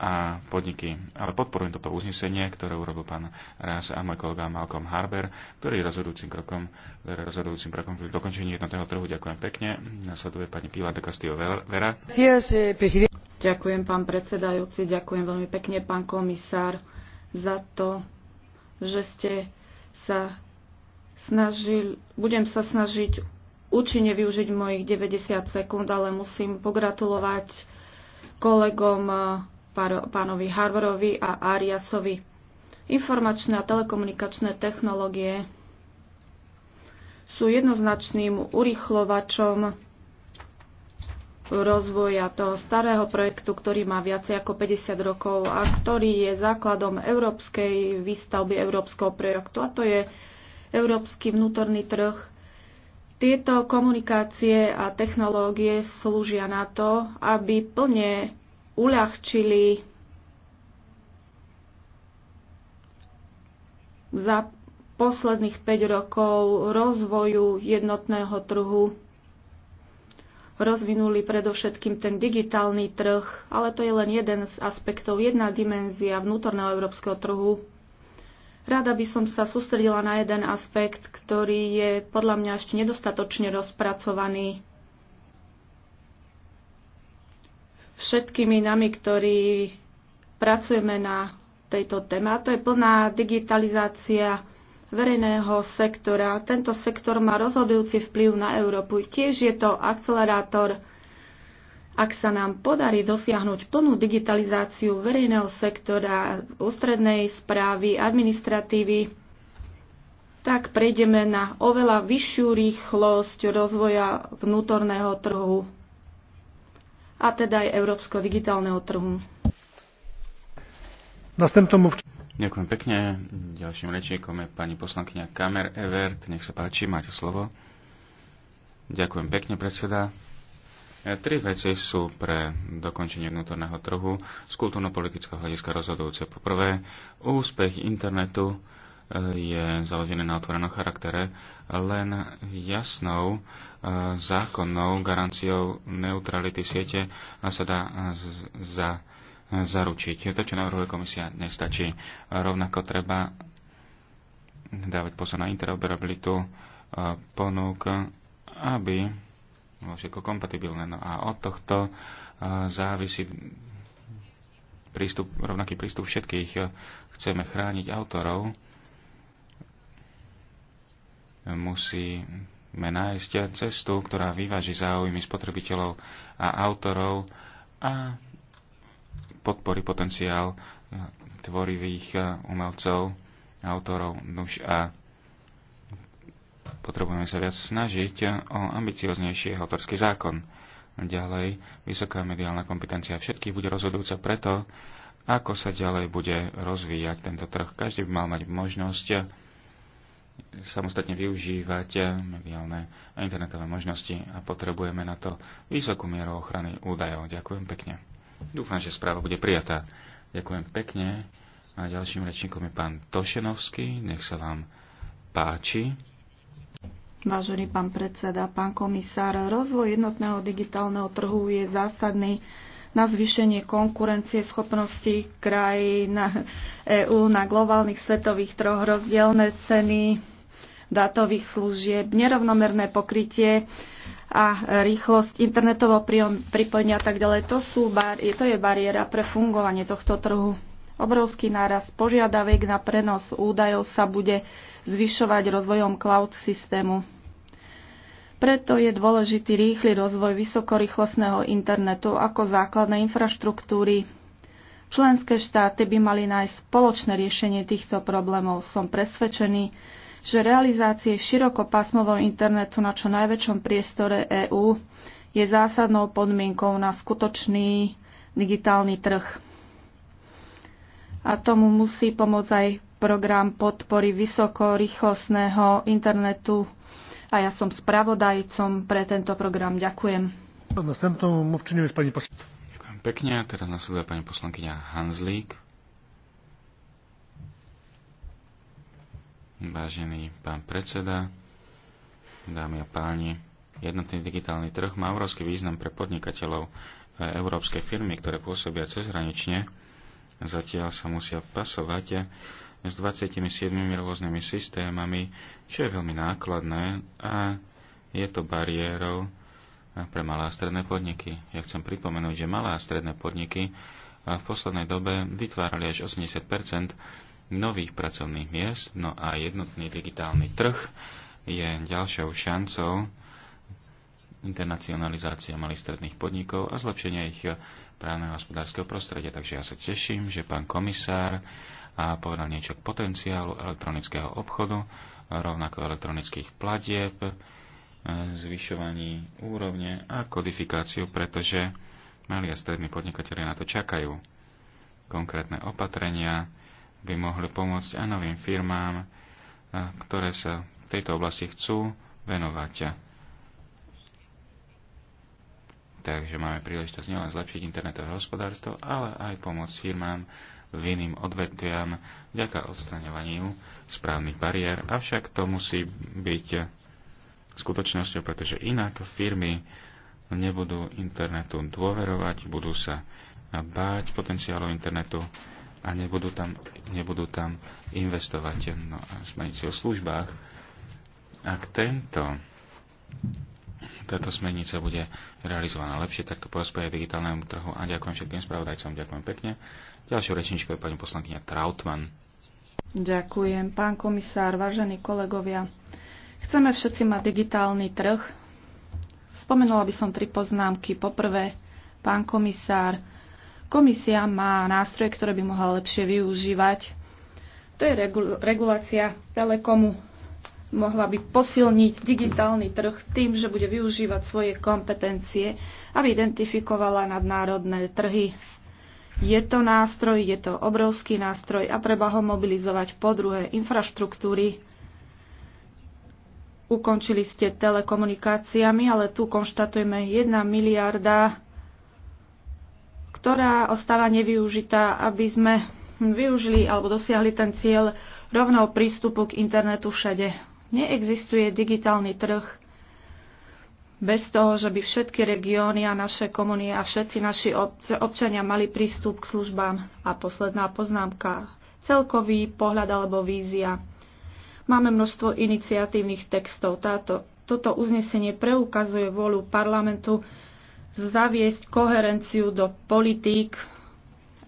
a podniky. Ale podporujem toto uznesenie, ktoré urobil pán Rás a môj kolega Malcolm Harber, ktorý je rozhodujúcim krokom, rozhodujúcim krokom pri dokončení jednotného trhu. Ďakujem pekne. Nasleduje pani Pilar de Castillo Vera. Eh, ďakujem, pán predsedajúci, ďakujem veľmi pekne, pán komisár, za to, že ste sa snažil, budem sa snažiť účinne využiť mojich 90 sekúnd, ale musím pogratulovať kolegom eh, pánovi Harvorovi a Ariasovi. Informačné a telekomunikačné technológie sú jednoznačným urychlovačom rozvoja toho starého projektu, ktorý má viacej ako 50 rokov a ktorý je základom európskej výstavby európskeho projektu. A to je európsky vnútorný trh. Tieto komunikácie a technológie slúžia na to, aby plne uľahčili za posledných 5 rokov rozvoju jednotného trhu. Rozvinuli predovšetkým ten digitálny trh, ale to je len jeden z aspektov, jedna dimenzia vnútorného európskeho trhu Rada by som sa sústredila na jeden aspekt, ktorý je podľa mňa ešte nedostatočne rozpracovaný všetkými nami, ktorí pracujeme na tejto téme. A to je plná digitalizácia verejného sektora. Tento sektor má rozhodujúci vplyv na Európu. Tiež je to akcelerátor ak sa nám podarí dosiahnuť plnú digitalizáciu verejného sektora, ústrednej správy, administratívy, tak prejdeme na oveľa vyššiu rýchlosť rozvoja vnútorného trhu a teda aj európsko-digitálneho trhu. Ďakujem pekne. Ďalším rečníkom je pani poslankyňa Kamer Evert. Nech sa páči, máte slovo. Ďakujem pekne, predseda. E, tri veci sú pre dokončenie vnútorného trhu z kultúrno-politického hľadiska rozhodujúce. Poprvé, úspech internetu e, je založený na otvorenom charaktere len jasnou e, zákonnou garanciou neutrality siete a sa dá za, zaručiť. To, čo navrhuje komisia, nestačí. Rovnako treba dávať pozor na interoperabilitu ponúk, aby všetko kompatibilné. No a od tohto e, závisí prístup, rovnaký prístup všetkých. E, chceme chrániť autorov, musíme nájsť cestu, ktorá vyváži záujmy spotrebiteľov a autorov a podporí potenciál tvorivých e, umelcov, autorov. Nuž a Potrebujeme sa viac snažiť o ambicioznejší autorský zákon. Ďalej, vysoká mediálna kompetencia všetkých bude rozhodujúca preto, ako sa ďalej bude rozvíjať tento trh. Každý by mal mať možnosť samostatne využívať mediálne a internetové možnosti a potrebujeme na to vysokú mieru ochrany údajov. Ďakujem pekne. Dúfam, že správa bude prijatá. Ďakujem pekne. A ďalším rečníkom je pán Tošenovský. Nech sa vám páči. Vážený pán predseda, pán komisár, rozvoj jednotného digitálneho trhu je zásadný na zvýšenie konkurencie schopnosti krajín EÚ na globálnych svetových troch rozdielne ceny dátových služieb, nerovnomerné pokrytie a rýchlosť internetového pripojenia a tak ďalej. To, sú, to je bariéra pre fungovanie tohto trhu. Obrovský náraz požiadaviek na prenos údajov sa bude zvyšovať rozvojom cloud systému. Preto je dôležitý rýchly rozvoj vysokorýchlostného internetu ako základnej infraštruktúry. Členské štáty by mali nájsť spoločné riešenie týchto problémov. Som presvedčený, že realizácie širokopásmového internetu na čo najväčšom priestore EÚ je zásadnou podmienkou na skutočný digitálny trh a tomu musí pomôcť aj program podpory vysokorýchlostného internetu a ja som spravodajcom pre tento program. Ďakujem. Ďakujem pekne. Teraz nasleduje pani poslankyňa Hanzlík. Vážený pán predseda, dámy a páni, jednotný digitálny trh má obrovský význam pre podnikateľov e, európskej firmy, ktoré pôsobia cezhranične Zatiaľ sa musia pasovať s 27 rôznymi systémami, čo je veľmi nákladné a je to bariérou pre malé a stredné podniky. Ja chcem pripomenúť, že malé a stredné podniky v poslednej dobe vytvárali až 80 nových pracovných miest, no a jednotný digitálny trh je ďalšou šancou internacionalizácia malých stredných podnikov a zlepšenia ich právneho hospodárskeho prostredia. Takže ja sa teším, že pán komisár povedal niečo k potenciálu elektronického obchodu, rovnako elektronických platieb, e, zvyšovaní úrovne a kodifikáciu, pretože malí a strední podnikatelia na to čakajú. Konkrétne opatrenia by mohli pomôcť aj novým firmám, e, ktoré sa v tejto oblasti chcú venovať takže máme príležitosť nielen zlepšiť internetové hospodárstvo, ale aj pomôcť firmám v iným odvetviam vďaka odstraňovaniu správnych bariér. Avšak to musí byť skutočnosťou, pretože inak firmy nebudú internetu dôverovať, budú sa báť potenciálu internetu a nebudú tam, nebudú tam investovať. No a o službách. Ak tento táto smernica bude realizovaná lepšie, tak to prospeje digitálnemu trhu. A ďakujem všetkým spravodajcom, ďakujem pekne. Ďalšou rečničkou je pani poslankyňa Trautmann. Ďakujem, pán komisár, vážení kolegovia. Chceme všetci mať digitálny trh. Spomenula by som tri poznámky. Poprvé, pán komisár, komisia má nástroje, ktoré by mohla lepšie využívať. To je regulácia telekomu mohla by posilniť digitálny trh tým, že bude využívať svoje kompetencie, aby identifikovala nadnárodné trhy. Je to nástroj, je to obrovský nástroj a treba ho mobilizovať po druhé infraštruktúry. Ukončili ste telekomunikáciami, ale tu konštatujeme 1 miliarda, ktorá ostáva nevyužitá, aby sme využili alebo dosiahli ten cieľ rovnou prístupu k internetu všade. Neexistuje digitálny trh bez toho, že by všetky regióny a naše komunie a všetci naši občania mali prístup k službám. A posledná poznámka. Celkový pohľad alebo vízia. Máme množstvo iniciatívnych textov. Táto, toto uznesenie preukazuje vôľu parlamentu zaviesť koherenciu do politík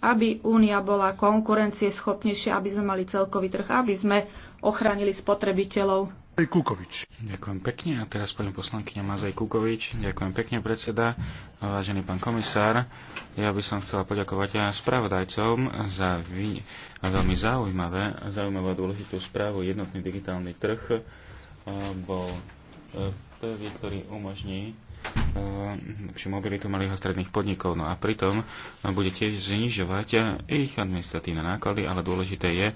aby únia bola konkurencieschopnejšia, aby sme mali celkový trh, aby sme ochránili spotrebiteľov. Kukovič. Ďakujem pekne a teraz pani poslankyňa Mazej Kukovič. Ďakujem pekne predseda, vážený pán komisár. Ja by som chcela poďakovať aj spravodajcom za vý... veľmi zaujímavé, zaujímavú a dôležitú správu. Jednotný digitálny trh eh, bol eh, prvý, ktorý umožní Eh, či mobilitu malých a stredných podnikov. No a pritom eh, bude tiež znižovať eh, ich administratívne náklady, ale dôležité je,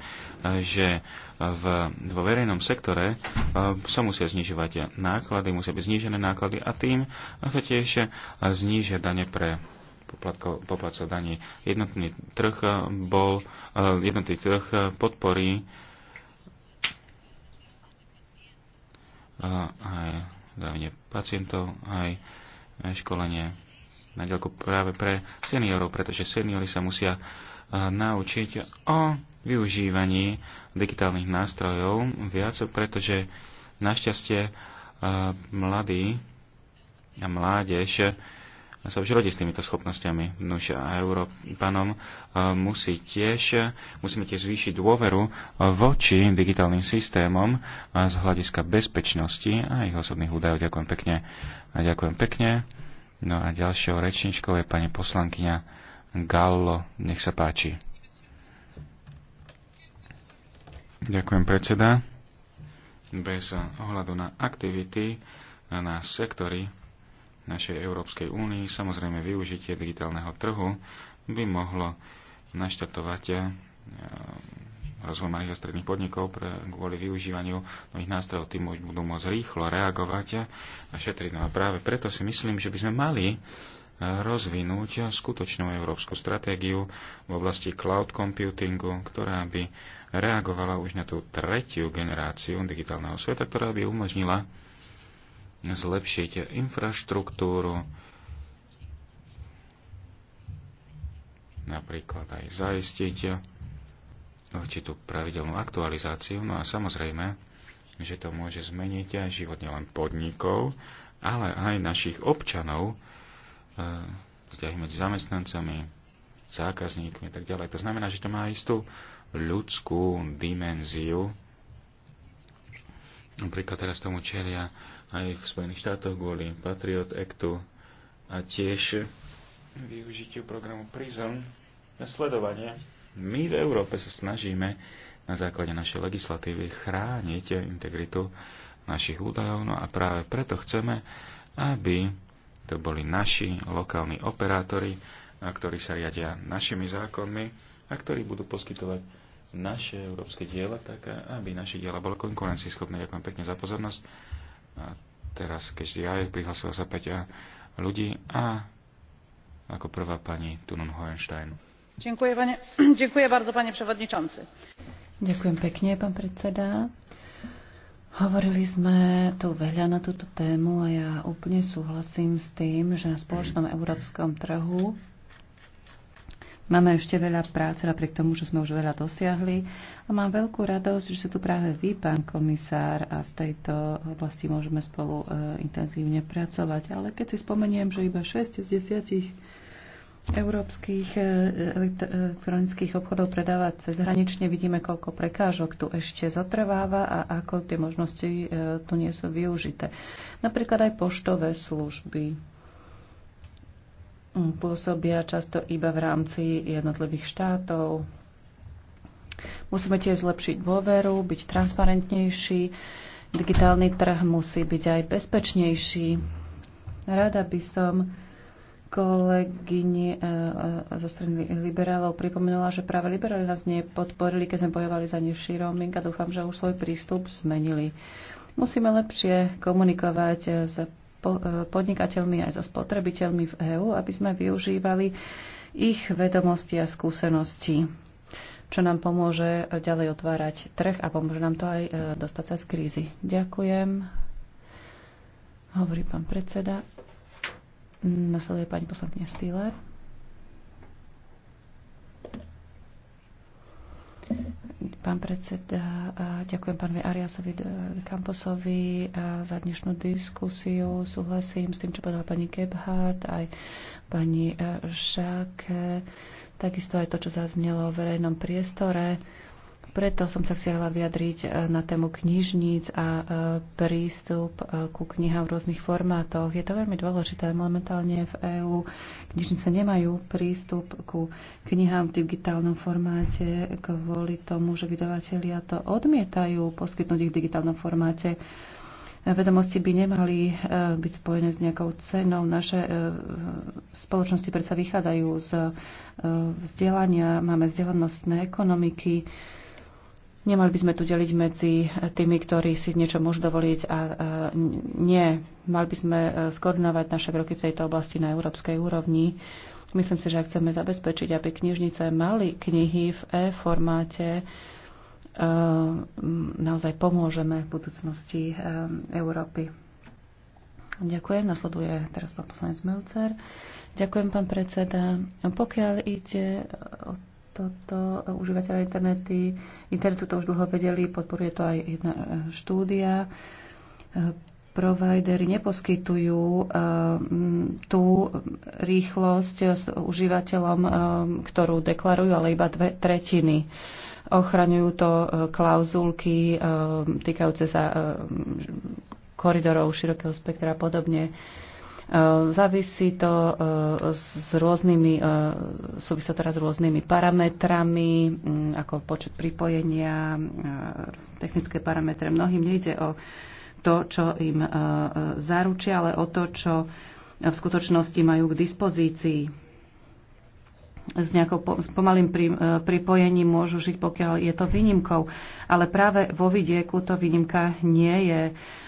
že v, vo verejnom sektore sa musia znižovať náklady, musia byť znížené náklady a tým sa tiež znižia dane pre poplatcov daní. Jednotný trh bol, jednotný trh podporí aj hlavne pacientov, aj E, školenie na dielku práve pre seniorov, pretože seniory sa musia e, naučiť o využívaní digitálnych nástrojov viac, pretože našťastie e, mladí a mládež sa už rodí s týmito schopnosťami. Nuž a Európanom e, musí tiež, musíme tiež zvýšiť dôveru e, voči digitálnym systémom z hľadiska bezpečnosti a ich osobných údajov. Ďakujem pekne. A ďakujem pekne. No a ďalšou rečničkou je pani poslankyňa Gallo. Nech sa páči. Ďakujem predseda. Bez ohľadu na aktivity, na sektory, našej Európskej únii. Samozrejme, využitie digitálneho trhu by mohlo naštartovať eh, rozvoj malých a stredných podnikov pre, kvôli využívaniu nových nástrojov, tým budú môcť rýchlo reagovať a šetriť. No a práve preto si myslím, že by sme mali eh, rozvinúť skutočnú európsku stratégiu v oblasti cloud computingu, ktorá by reagovala už na tú tretiu generáciu digitálneho sveta, ktorá by umožnila zlepšiť infraštruktúru, napríklad aj zaistiť určitú pravidelnú aktualizáciu. No a samozrejme, že to môže zmeniť aj život nielen podnikov, ale aj našich občanov, vzťahy eh, medzi zamestnancami, zákazníkmi a tak ďalej. To znamená, že to má istú ľudskú dimenziu. Napríklad teraz tomu čelia aj v Spojených štátoch kvôli Patriot Actu a tiež využitiu programu PRISM na sledovanie. My v Európe sa snažíme na základe našej legislatívy chrániť integritu našich údajov, no a práve preto chceme, aby to boli naši lokálni operátori, ktorí sa riadia našimi zákonmi a ktorí budú poskytovať naše európske diela, tak aby naše diela bolo konkurencieschopné. Ďakujem pekne za pozornosť a teraz každý je prihlasilo sa 5 eh, ľudí a ako prvá pani Tunon Hohenstein. Ďakujem, pane, ďakujem bardzo, pane przewodniczący. Ďakujem pekne, pán predseda. Hovorili sme tu veľa na túto tému a ja úplne súhlasím s tým, že na spoločnom európskom trhu Máme ešte veľa práce napriek tomu, že sme už veľa dosiahli a mám veľkú radosť, že sa tu práve vy, pán komisár, a v tejto oblasti môžeme spolu e, intenzívne pracovať. Ale keď si spomeniem, že iba 6 z 10 európskych e, elektronických obchodov predáva cezhranične, vidíme, koľko prekážok tu ešte zotrváva a ako tie možnosti e, tu nie sú využité. Napríklad aj poštové služby pôsobia často iba v rámci jednotlivých štátov. Musíme tiež zlepšiť dôveru, byť transparentnejší. Digitálny trh musí byť aj bezpečnejší. Rada by som kolegyni e, e, zo strany liberálov pripomenula, že práve liberáli nás nepodporili, keď sme bojovali za nižší roaming a dúfam, že už svoj prístup zmenili. Musíme lepšie komunikovať s E, podnikateľmi, aj so spotrebiteľmi v EÚ, aby sme využívali ich vedomosti a skúsenosti, čo nám pomôže ďalej otvárať trh a pomôže nám to aj e, dostať sa z krízy. Ďakujem, hovorí pán predseda. Nasleduje pani poslankyňa Stýler. Pán predseda, eh, ďakujem pánovi Ariasovi eh, Kamposovi eh, za dnešnú diskusiu. Súhlasím s tým, čo povedala pani Gebhardt, aj pani Šáke, takisto aj to, čo zaznelo v verejnom priestore. Preto som sa chcela vyjadriť e, na tému knižníc a e, prístup e, ku knihám v rôznych formátoch. Je to veľmi dôležité. Momentálne v EÚ knižnice nemajú prístup ku knihám v digitálnom formáte kvôli tomu, že vydavatelia to odmietajú poskytnúť ich v digitálnom formáte. Vedomosti by nemali byť spojené s nejakou cenou. Naše spoločnosti predsa vychádzajú z vzdelania, máme vzdelanostné ekonomiky, Nemali by sme tu deliť medzi tými, ktorí si niečo môžu dovoliť a nie. Mali by sme e, skoordinovať naše kroky v tejto oblasti na európskej úrovni. Myslím si, že ak chceme zabezpečiť, aby knižnice mali knihy v e-formáte, e, naozaj pomôžeme v budúcnosti e, Európy. Ďakujem. Nasleduje teraz pán poslanec Melcer. Ďakujem, pán predseda. Pokiaľ ide o toto e, užívateľa internety, internetu to už dlho vedeli, podporuje to aj jedna e, štúdia. E, providery neposkytujú tú rýchlosť s užívateľom, ktorú deklarujú, ale iba dve tretiny. Ochraňujú to klauzulky týkajúce sa koridorov širokého spektra a podobne. E, závisí to e, s rôznymi, e, súvisí to teraz s rôznymi parametrami, ako počet pripojenia, technické parametre. Mnohým nejde o to, čo im zaručia, ale o to, čo v skutočnosti majú k dispozícii s, nejakou, s pomalým e, pripojením môžu žiť, pokiaľ je to výnimkou. Ale práve vo vidieku to výnimka nie je.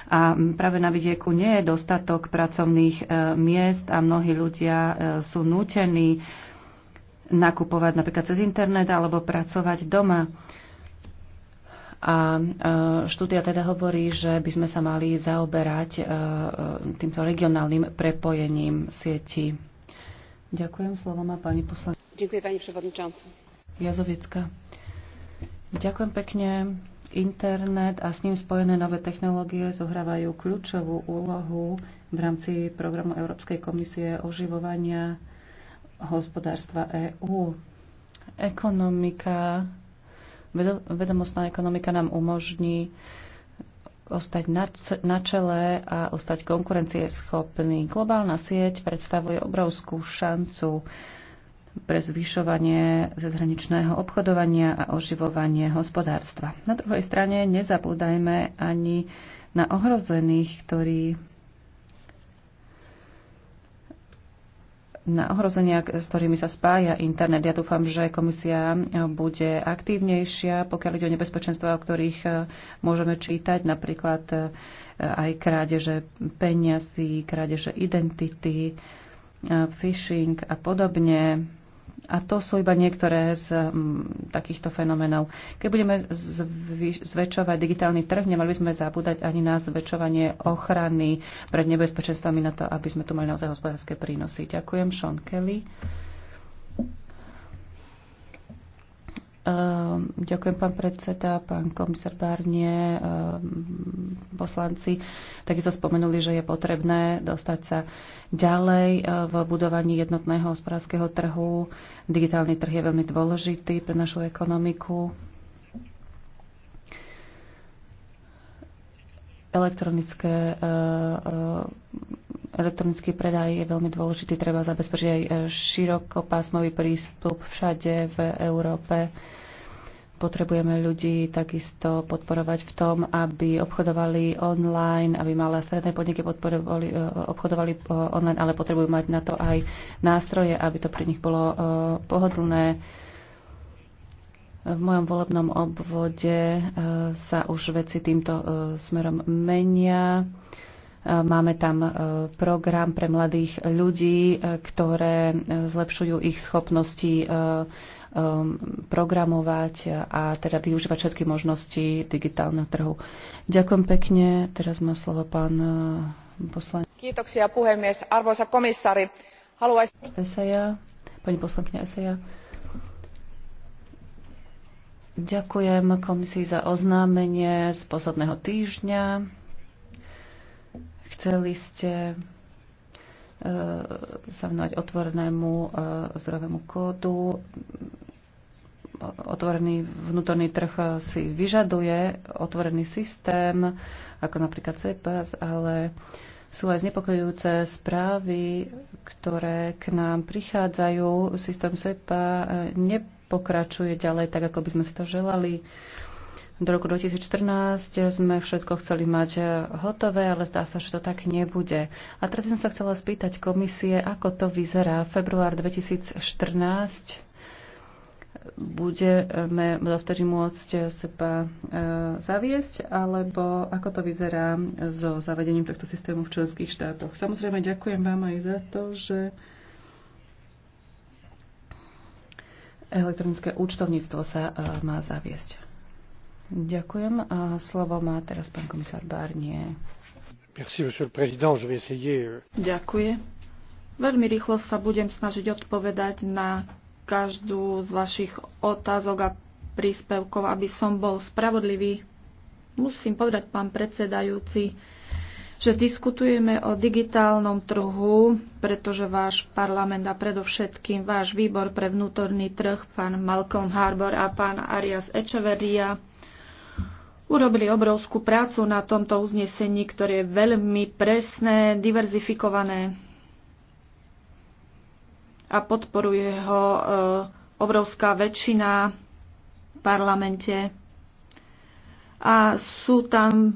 A práve na vidieku nie je dostatok pracovných e, miest a mnohí ľudia e, sú nútení nakupovať napríklad cez internet alebo pracovať doma. A štúdia teda hovorí, že by sme sa mali zaoberať týmto regionálnym prepojením sietí. Ďakujem, slovo má pani poslankyňa. Ďakujem, pani przewodniczący. Ďakujem pekne. Internet a s ním spojené nové technológie zohrávajú kľúčovú úlohu v rámci programu Európskej komisie oživovania hospodárstva EÚ. Ekonomika, vedomostná ekonomika nám umožní ostať na čele a ostať konkurencieschopný. Globálna sieť predstavuje obrovskú šancu pre zvyšovanie zahraničného obchodovania a oživovanie hospodárstva. Na druhej strane nezabúdajme ani na ohrozených, ktorí na ohrozenia, s ktorými sa spája internet. Ja dúfam, že komisia bude aktívnejšia, pokiaľ ide o nebezpečenstva, o ktorých e, môžeme čítať, napríklad e, aj krádeže peniazy, krádeže identity, e, phishing a podobne. A to sú iba niektoré z um, takýchto fenomenov. Keď budeme zväčšovať digitálny trh, nemali by sme zabúdať ani na zväčšovanie ochrany pred nebezpečenstvami na to, aby sme tu mali naozaj hospodárske prínosy. Ďakujem, Sean Kelly. Ehm, ďakujem, pán predseda, pán komisár Barnie, ehm, poslanci. sa spomenuli, že je potrebné dostať sa ďalej eh, v budovaní jednotného hospodárskeho trhu. Digitálny trh je veľmi dôležitý pre našu ekonomiku. Elektronické eh, eh, Elektronický predaj je veľmi dôležitý, treba zabezpečiť aj e, širokopásmový prístup všade v Európe. Potrebujeme ľudí takisto podporovať v tom, aby obchodovali online, aby malé a stredné podniky e, obchodovali e, online, ale potrebujú mať na to aj nástroje, aby to pre nich bolo pohodlné. V mojom volebnom obvode sa už veci týmto smerom menia. Máme tam e, program pre mladých ľudí, e, ktoré e, zlepšujú ich schopnosti programovať a teda využívať všetky možnosti digitálneho trhu. Ďakujem pekne. Teraz má slovo pán poslanec. Kiitoksia puhemies. Arvoisa komisári, haluaisin... Eseja, pani poslankyňa Eseja. Ďakujem komisii za oznámenie z posledného týždňa. Chceli ste e, sa vnovať otvorenému e, zdravému kódu. Otvorený vnútorný trh si vyžaduje otvorený systém, ako napríklad CEPAS, ale sú aj znepokojujúce správy, ktoré k nám prichádzajú. Systém SEPA e, nepokračuje ďalej tak, ako by sme si to želali. Do roku 2014 sme všetko chceli mať eh, hotové, ale zdá sa, že to tak nebude. A teraz som sa chcela spýtať komisie, ako to vyzerá. Február 2014 budeme dovtedy môcť seba e, zaviesť, alebo ako to vyzerá so zavedením tohto systému v členských štátoch. Samozrejme, ďakujem vám aj za to, že elektronické účtovníctvo sa e, má zaviesť. Ďakujem. A slovo má teraz pán komisár Barnier. Merci, monsieur le président. Je vais essayer... Euh. Ďakujem. Veľmi rýchlo sa budem snažiť odpovedať na každú z vašich otázok a príspevkov, aby som bol spravodlivý. Musím povedať, pán predsedajúci, že diskutujeme o digitálnom trhu, pretože váš parlament a predovšetkým váš výbor pre vnútorný trh, pán Malcolm Harbour a pán Arias Echeverria, urobili obrovskú prácu na tomto uznesení, ktoré je veľmi presné, diverzifikované a podporuje ho e, obrovská väčšina v parlamente. A sú tam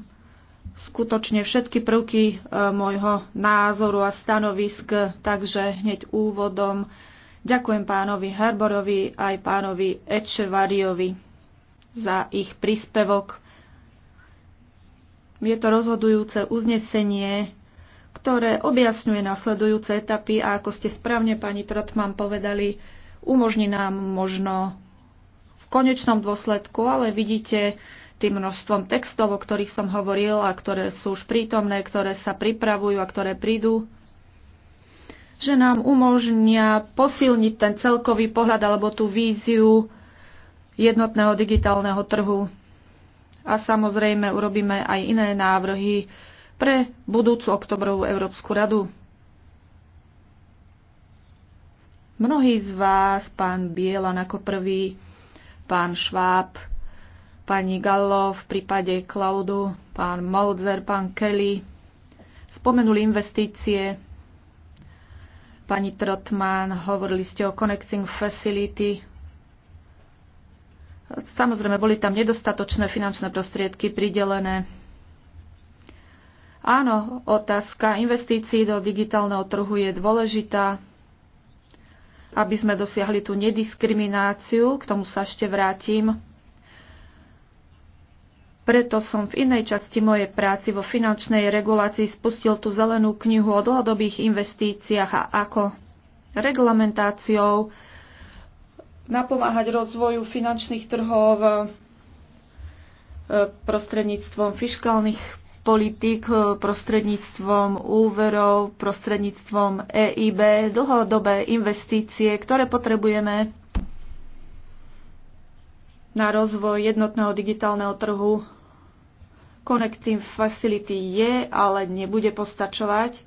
skutočne všetky prvky e, môjho názoru a stanovisk, takže hneď úvodom ďakujem pánovi Harborovi aj pánovi Ečevariovi za ich príspevok. Je to rozhodujúce uznesenie, ktoré objasňuje nasledujúce etapy a ako ste správne, pani Trotman, povedali, umožní nám možno v konečnom dôsledku, ale vidíte tým množstvom textov, o ktorých som hovoril a ktoré sú už prítomné, ktoré sa pripravujú a ktoré prídu, že nám umožnia posilniť ten celkový pohľad alebo tú víziu jednotného digitálneho trhu a samozrejme urobíme aj iné návrhy pre budúcu oktobrovú Európsku radu. Mnohí z vás, pán Bielan ako prvý, pán Šváb, pani Gallo, v prípade Klaudu, pán Molzer, pán Kelly, spomenuli investície, pani Trotman, hovorili ste o Connecting Facility, Samozrejme, boli tam nedostatočné finančné prostriedky pridelené. Áno, otázka investícií do digitálneho trhu je dôležitá, aby sme dosiahli tú nediskrimináciu, k tomu sa ešte vrátim. Preto som v inej časti mojej práci vo finančnej regulácii spustil tú zelenú knihu o dlhodobých investíciách a ako reglamentáciou napomáhať rozvoju finančných trhov e, prostredníctvom fiskálnych politik, e, prostredníctvom úverov, prostredníctvom EIB, dlhodobé investície, ktoré potrebujeme na rozvoj jednotného digitálneho trhu. Connecting Facility je, ale nebude postačovať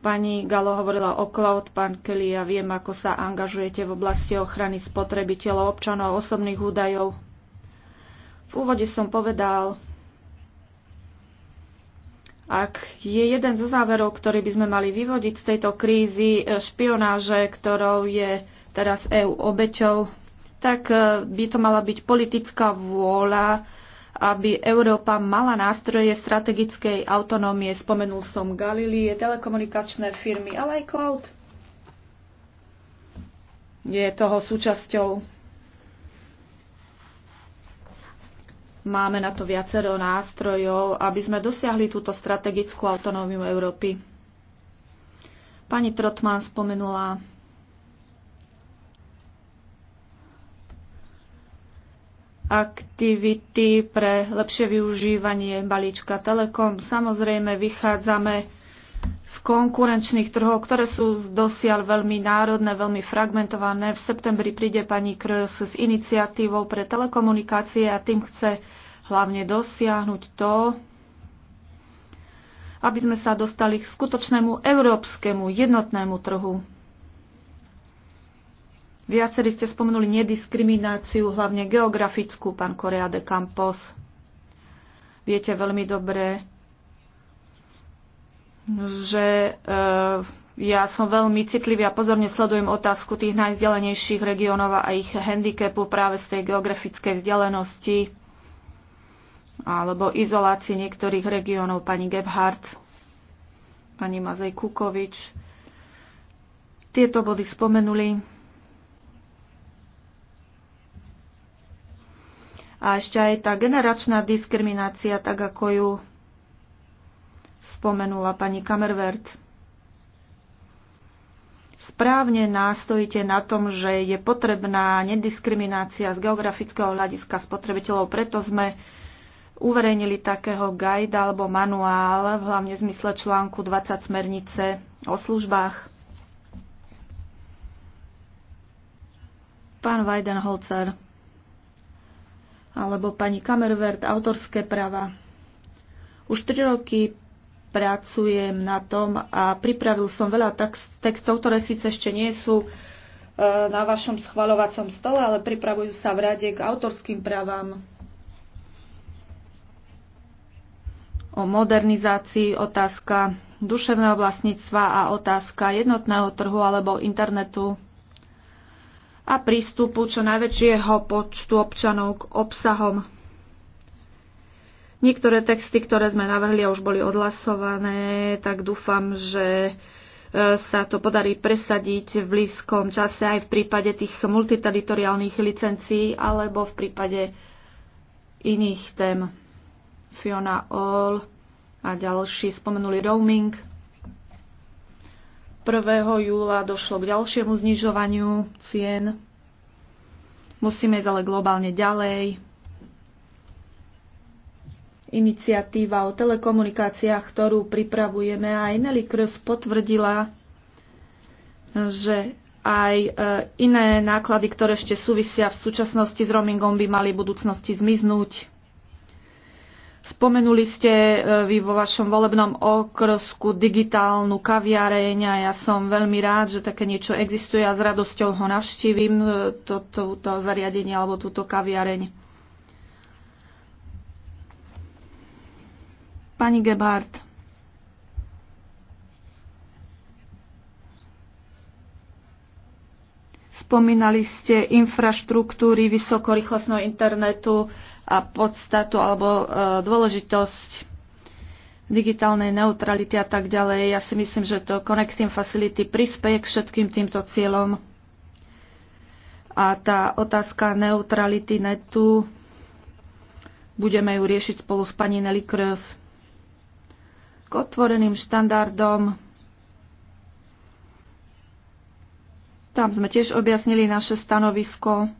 Pani Galo hovorila o cloud, pán Kelly, ja viem, ako sa angažujete v oblasti ochrany spotrebiteľov, občanov, a osobných údajov. V úvode som povedal, ak je jeden zo záverov, ktorý by sme mali vyvodiť z tejto krízy e, špionáže, ktorou je teraz EÚ obeťou, tak e, by to mala byť politická vôľa aby Európa mala nástroje strategickej autonómie. Spomenul som Galilie, telekomunikačné firmy, ale aj cloud. Je toho súčasťou. Máme na to viacero nástrojov, aby sme dosiahli túto strategickú autonómiu Európy. Pani Trotman spomenula aktivity pre lepšie využívanie balíčka Telekom. Samozrejme, vychádzame z konkurenčných trhov, ktoré sú dosiaľ veľmi národné, veľmi fragmentované. V septembri príde pani Krs s iniciatívou pre telekomunikácie a tým chce hlavne dosiahnuť to, aby sme sa dostali k skutočnému európskemu jednotnému trhu. Viacerí ste spomenuli nediskrimináciu, hlavne geografickú, pán Korea de Campos. Viete veľmi dobre, že e, ja som veľmi citlivý a pozorne sledujem otázku tých najvzdialenejších regiónov a ich handicapu práve z tej geografickej vzdialenosti alebo izolácii niektorých regiónov, pani Gebhardt, pani Mazej Kukovič. Tieto body spomenuli A ešte aj tá generačná diskriminácia, tak ako ju spomenula pani Kamervert. Správne nástojíte na tom, že je potrebná nediskriminácia z geografického hľadiska spotrebiteľov, preto sme uverejnili takého guide alebo manuál v hlavne zmysle článku 20 smernice o službách. Pán Weidenholzer alebo pani Kamervert, autorské práva. Už tri roky pracujem na tom a pripravil som veľa textov, ktoré síce ešte nie sú e, na vašom schvalovacom stole, ale pripravujú sa v rade k autorským právam, o modernizácii, otázka duševného vlastníctva a otázka jednotného trhu alebo internetu a prístupu čo najväčšieho počtu občanov k obsahom. Niektoré texty, ktoré sme navrhli a už boli odhlasované, tak dúfam, že e, sa to podarí presadiť v blízkom čase aj v prípade tých multiteritoriálnych licencií alebo v prípade iných tém. Fiona All a ďalší spomenuli roaming. 1. júla došlo k ďalšiemu znižovaniu cien. Musíme ísť ale globálne ďalej. Iniciatíva o telekomunikáciách, ktorú pripravujeme, aj Nelly Cruz potvrdila, že aj e, iné náklady, ktoré ešte súvisia v súčasnosti s roamingom, by mali v budúcnosti zmiznúť. Spomenuli ste e, vy vo vašom volebnom okrsku digitálnu kaviareň a ja som veľmi rád, že také niečo existuje a s radosťou ho navštívim, e, toto, to zariadenie alebo túto kaviareň. Pani Gebhardt, Spomínali ste infraštruktúry vysokorýchlostného internetu a podstatu alebo e, dôležitosť digitálnej neutrality a tak ďalej. Ja si myslím, že to Connecting Facility prispieje k všetkým týmto cieľom. A tá otázka neutrality netu, budeme ju riešiť spolu s pani Nelly Kroos. K otvoreným štandardom Tam sme tiež objasnili naše stanovisko.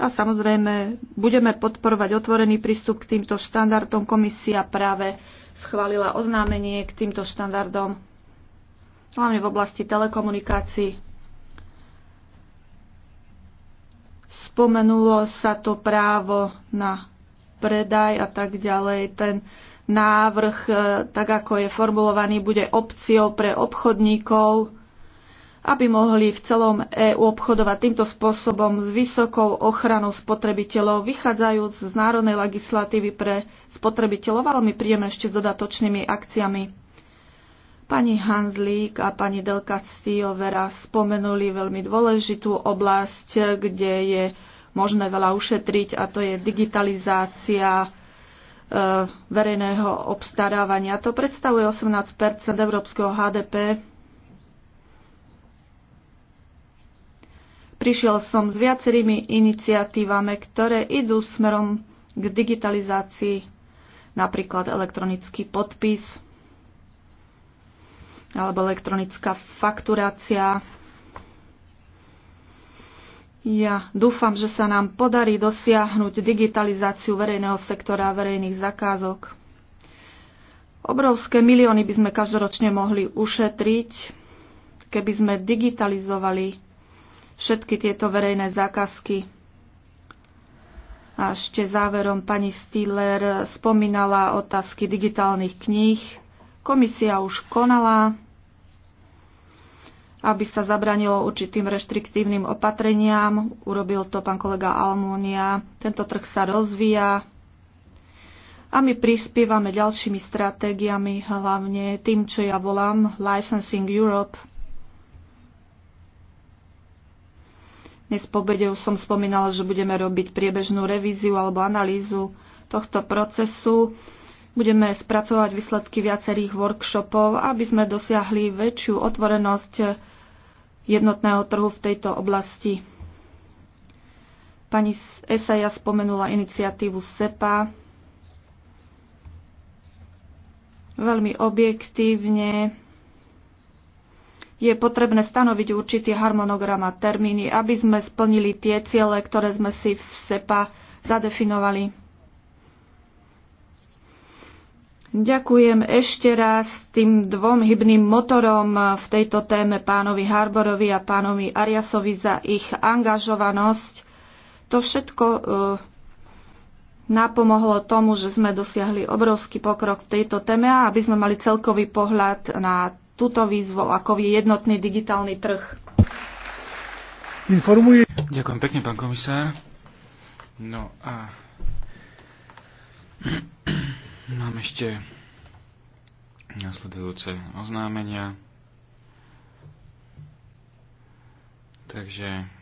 A samozrejme, budeme podporovať otvorený prístup k týmto štandardom. Komisia práve schválila oznámenie k týmto štandardom, hlavne v oblasti telekomunikácií. Spomenulo sa to právo na predaj a tak ďalej. Ten návrh, e, tak ako je formulovaný, bude opciou pre obchodníkov, aby mohli v celom EÚ obchodovať týmto spôsobom s vysokou ochranou spotrebiteľov, vychádzajúc z národnej legislatívy pre spotrebiteľov, ale my príjeme ešte s dodatočnými akciami. Pani Hanzlík a pani Delka Castillo Vera spomenuli veľmi dôležitú oblasť, kde je možné veľa ušetriť a to je digitalizácia E, verejného obstarávania. To predstavuje 18 európskeho HDP. Prišiel som s viacerými iniciatívami, ktoré idú smerom k digitalizácii, napríklad elektronický podpis alebo elektronická fakturácia ja dúfam, že sa nám podarí dosiahnuť digitalizáciu verejného sektora a verejných zakázok. Obrovské milióny by sme každoročne mohli ušetriť, keby sme digitalizovali všetky tieto verejné zákazky. A ešte záverom pani Stiller spomínala otázky digitálnych kníh. Komisia už konala aby sa zabranilo určitým reštriktívnym opatreniam. Urobil to pán kolega Almónia. Tento trh sa rozvíja a my prispievame ďalšími stratégiami, hlavne tým, čo ja volám Licensing Europe. Dnes po obede už som spomínala, že budeme robiť priebežnú revíziu alebo analýzu tohto procesu. Budeme spracovať výsledky viacerých workshopov, aby sme dosiahli väčšiu otvorenosť jednotného trhu v tejto oblasti. Pani Esaja spomenula iniciatívu SEPA. Veľmi objektívne je potrebné stanoviť určitý harmonogram a termíny, aby sme splnili tie ciele, ktoré sme si v SEPA zadefinovali. Ďakujem ešte raz tým dvom hybným motorom v tejto téme pánovi Harborovi a pánovi Ariasovi za ich angažovanosť. To všetko e, napomohlo tomu, že sme dosiahli obrovský pokrok v tejto téme a aby sme mali celkový pohľad na túto výzvu, ako je jednotný digitálny trh. Informuje. Ďakujem pekne, pán komisár. No a Mám ešte nasledujúce oznámenia. Takže